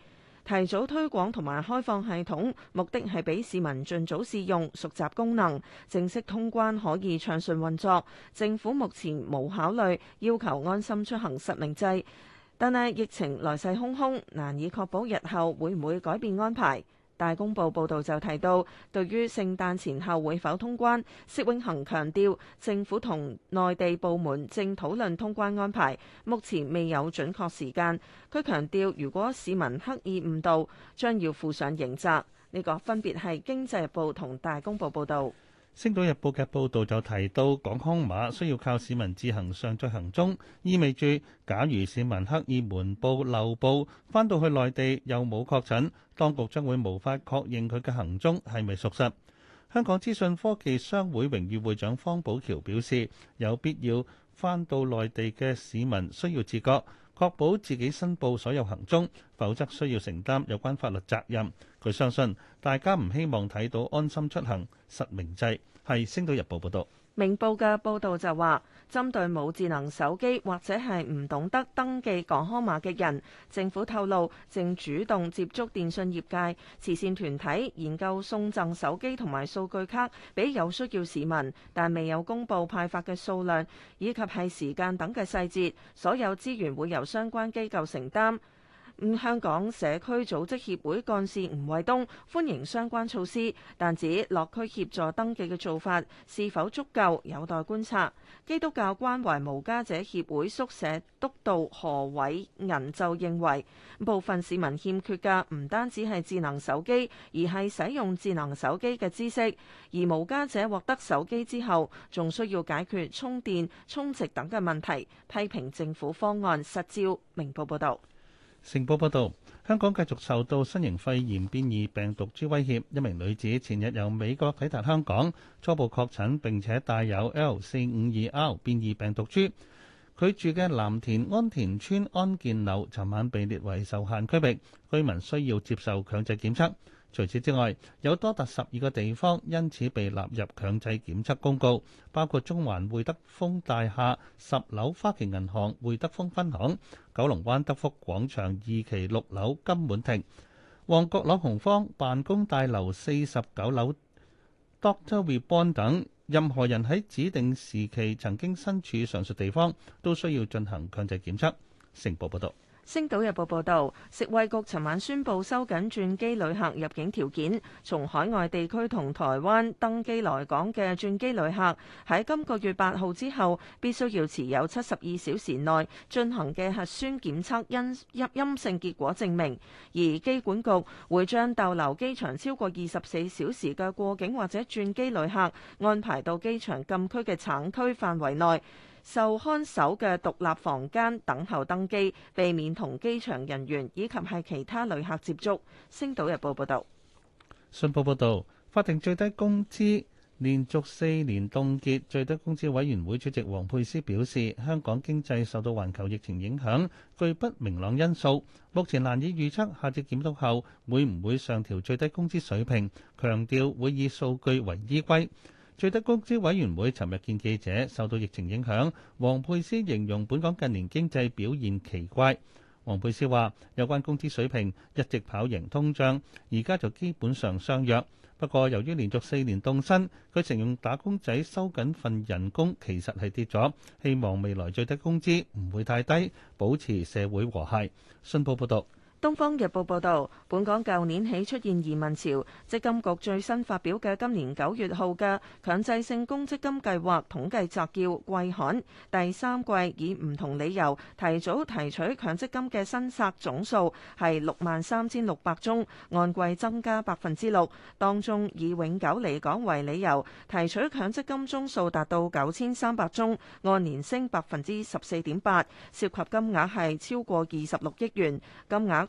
J: 提早推廣同埋開放系統，目的係俾市民儘早試用，熟習功能，正式通關可以暢順運作。政府目前冇考慮要求安心出行實名制，但係疫情來勢洶洶，難以確保日後會唔會改變安排。大公報報導就提到，對於聖誕前後會否通關，薛永恒強調，政府同內地部門正討論通關安排，目前未有準確時間。佢強調，如果市民刻意誤導，將要負上刑責。呢、這個分別係經濟日報同大公報報導。《星島日報》
D: 嘅報導就提到，港康碼需要靠市民自行上載行蹤，意味住假如市民刻意瞞報漏報，返到去內地又冇確診，當局將會無法確認佢嘅行蹤係咪屬實。香港資訊科技商會榮譽會長方保僑表示，有必要返到內地嘅市民需要自覺。確保自己申報所有行蹤，否則需要承擔有關法律責任。佢相信大家唔希望睇到安心出行實名制。係，《星島日報》報道。
J: 明報嘅報道就話，針對冇智能手機或者係唔懂得登記港康碼嘅人，政府透露正主動接觸電訊業界、慈善團體，研究送贈手機同埋數據卡俾有需要市民，但未有公布派發嘅數量以及係時間等嘅細節。所有資源會由相關機構承擔。香港社區組織協會幹事吳惠東歡迎相關措施，但指落區協助登記嘅做法是否足夠有待觀察。基督教關懷無家者協會宿舍督導何偉銀就認為，部分市民欠缺嘅唔單止係智能手機，而係使用智能手機嘅知識。而無家者獲得手機之後，仲需要解決充電、充值等嘅問題。批評政府方案實招。明報報道。
D: 星報報導，香港繼續受到新型肺炎變異病毒株威脅。一名女子前日由美國抵達香港，初步確診並且帶有 L 四五二 R 變異病毒株。佢住嘅藍田安田村安健樓，尋晚被列為受限區域，居民需要接受強制檢測。除此之外，有多達十二個地方因此被納入強制檢測公告，包括中環會德豐大廈十樓花旗銀行會德豐分行、九龍灣德福廣場二期六樓金滿庭、旺角朗豪坊辦公大樓四十九樓 Dr. Reborn 等。任何人喺指定時期曾經身處上述地方，都需要進行強制檢測。成報報導。
J: 《星島日報》報導，食衛局尋晚宣布收緊轉機旅客入境條件，從海外地區同台灣登機來港嘅轉機旅客，喺今個月八號之後，必須要持有七十二小時內進行嘅核酸檢測陰陰性結果證明。而機管局會將逗留機場超過二十四小時嘅過境或者轉機旅客安排到機場禁區嘅橙區範圍內。受看守嘅獨立房間等候登機，避免同機場人員以及係其他旅客接觸。星島日報報道：
D: 「信報報道，法定最低工資連續四年凍結。最低工資委員會主席黃佩斯表示，香港經濟受到環球疫情影響，具不明朗因素，目前難以預測下次檢討後會唔會上調最低工資水平，強調會以數據為依歸。最低工資委員會尋日見記者，受到疫情影響，黃佩斯形容本港近年經濟表現奇怪。黃佩斯話有關工資水平一直跑贏通脹，而家就基本上相約，不過由於連續四年凍薪，佢承認打工仔收緊份人工其實係跌咗。希望未來最低工資唔會太低，保持社會和諧，信報報道。
J: 《東方日報》報導，本港舊年起出現移民潮，積金局最新發表嘅今年九月號嘅強制性公積金計劃統計摘要季刊，第三季以唔同理由提早提取強積金嘅新殺總數係六萬三千六百宗，按季增加百分之六。當中以永久離港為理由提取強積金宗數達到九千三百宗，按年升百分之十四點八，涉及金額係超過二十六億元，金額。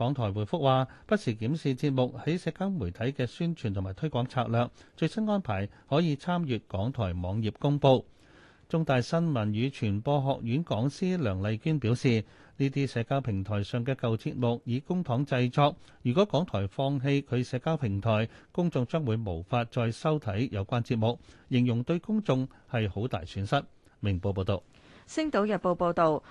D: 港台回覆話：不時檢視節目喺社交媒體嘅宣傳同埋推廣策略，最新安排可以參閱港台網頁公佈。中大新聞與傳播學院講師梁麗娟表示，呢啲社交平台上嘅舊節目以公帑製作，如果港台放棄佢社交平台，公眾將會無法再收睇有關節目，形容對公眾係好大損失。明報報道。
J: 《星島日報》報道。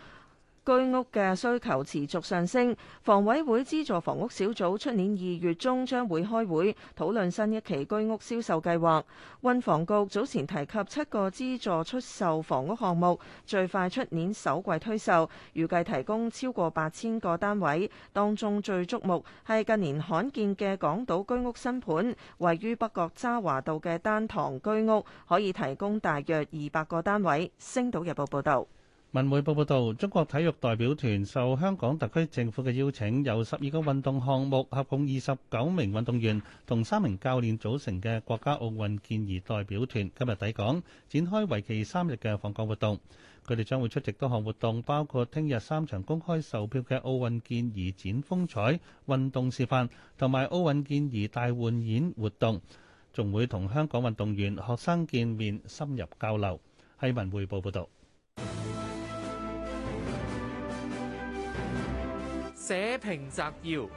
J: 居屋嘅需求持續上升，房委會資助房屋小組出年二月中將會開會討論新一期居屋銷售計劃。運房局早前提及七個資助出售房屋項目，最快出年首季推售，預計提供超過八千個單位。當中最觸目係近年罕見嘅港島居屋新盤，位於北角渣華道嘅單堂居屋，可以提供大約二百個單位。星島日報報導。
D: 文匯報報道，中國體育代表團受香港特區政府嘅邀請，由十二個運動項目、合共二十九名運動員同三名教練組成嘅國家奧運健兒代表團，今日抵港展開為期三日嘅訪港活動。佢哋將會出席多項活動，包括聽日三場公開售票嘅奧運健兒展風采、運動示範同埋奧運健兒大匯演活動，仲會同香港運動員、學生見面，深入交流。喺文匯報報道。
H: 社評摘要：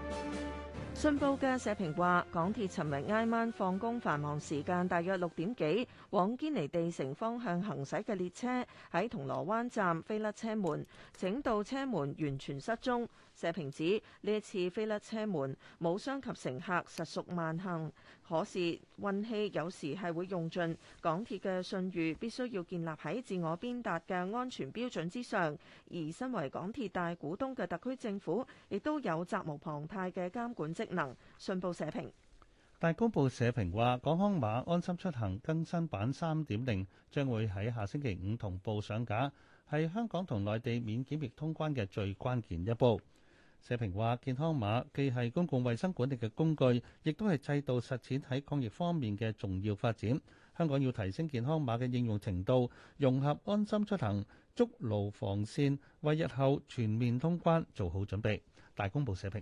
J: 信報嘅社評話，港鐵尋日挨晚放工繁忙時間，大約六點幾，往堅尼地城方向行駛嘅列車喺銅鑼灣站飛甩車門，整道車門完全失蹤。社評指呢一次飛甩車門冇傷及乘客，實屬萬幸。可是運氣有時係會用盡，港鐵嘅信譽必須要建立喺自我鞭撻嘅安全標準之上，而身為港鐵大股東嘅特區政府，亦都有責無旁貸嘅監管職能。信報社評。
D: 大公報社評話，港康碼安心出行更新版3.0將會喺下星期五同步上架，係香港同內地免檢疫通關嘅最關鍵一步。社評話，健康碼既係公共衛生管理嘅工具，亦都係制度實踐喺抗疫方面嘅重要發展。香港要提升健康碼嘅應用程度，融合安心出行、築牢防線，為日後全面通關做好準備。大公報社評。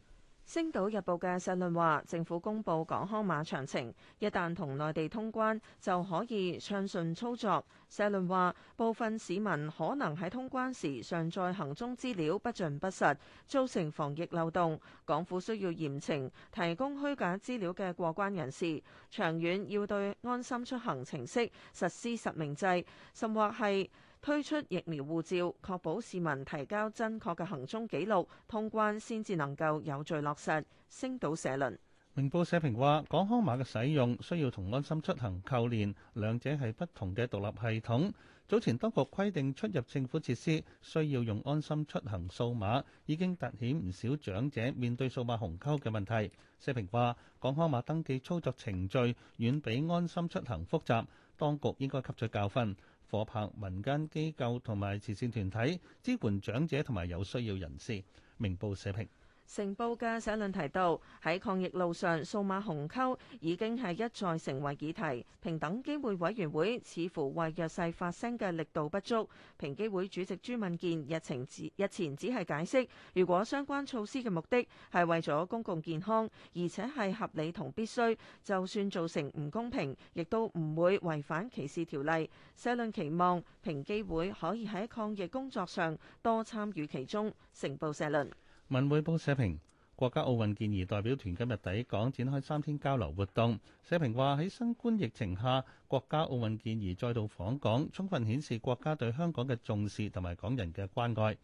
J: 《星島日報》嘅社論話：政府公布港康碼詳情，一旦同內地通關，就可以暢順操作。社論話：部分市民可能喺通關時上載行蹤資料不盡不實，造成防疫漏洞。港府需要嚴懲提供虛假資料嘅過關人士，長遠要對安心出行程式實施實名制，甚或係，推出疫苗護照，確保市民提交正確嘅行蹤記錄，通關先至能夠有序落實，星島社論
D: 明報社評話，港康碼嘅使用需要同安心出行扣連兩者係不同嘅獨立系統，早前當局規定出入政府設施需要用安心出行掃碼已經凸顯唔少長者面對數碼鴻溝嘅問題，社評話，港康碼登記操作程序遠比安心出行複雜，當局應該吸取教訓。夥拍民間機構同埋慈善團體支援長者同埋有需要人士。明報社評。
J: 成報嘅社論提到，喺抗疫路上，數碼鴻溝已經係一再成為議題。平等機會委員會似乎為弱勢發聲嘅力度不足。平機會主席朱敏健日前只日前只係解釋，如果相關措施嘅目的係為咗公共健康，而且係合理同必須，就算造成唔公平，亦都唔會違反歧視條例。社論期望平機會可以喺抗疫工作上多參與其中。成報社論。
D: 文匯報社評：國家奧運健兒代表團今日抵港展開三天交流活動。社評話喺新冠疫情下，國家奧運健兒再度訪港，充分顯示國家對香港嘅重視同埋港人嘅關愛。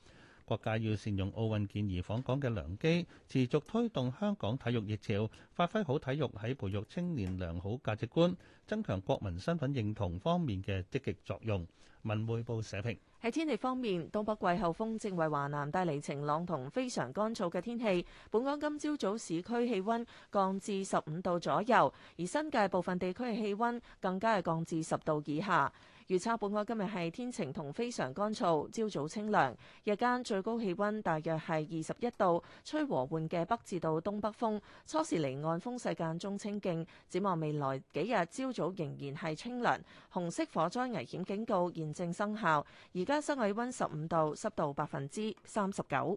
D: 各界要善用奧運健兒訪港嘅良機，持續推動香港體育熱潮，發揮好體育喺培育青年良好價值觀、增強國民身份認同方面嘅積極作用。文匯報社評：
J: 喺天氣方面，東北季候風正為華南帶嚟晴朗同非常乾燥嘅天氣。本港今朝早市區氣溫降至十五度左右，而新界部分地區嘅氣溫更加係降至十度以下。預測本港今日係天晴同非常乾燥，朝早清涼，日間最高氣溫大約係二十一度，吹和緩嘅北至到東北風，初時離岸風勢間中清勁。展望未來幾日，朝早仍然係清涼。紅色火災危險警告現正生效。而家室外溫十五度，濕度百分之三十九。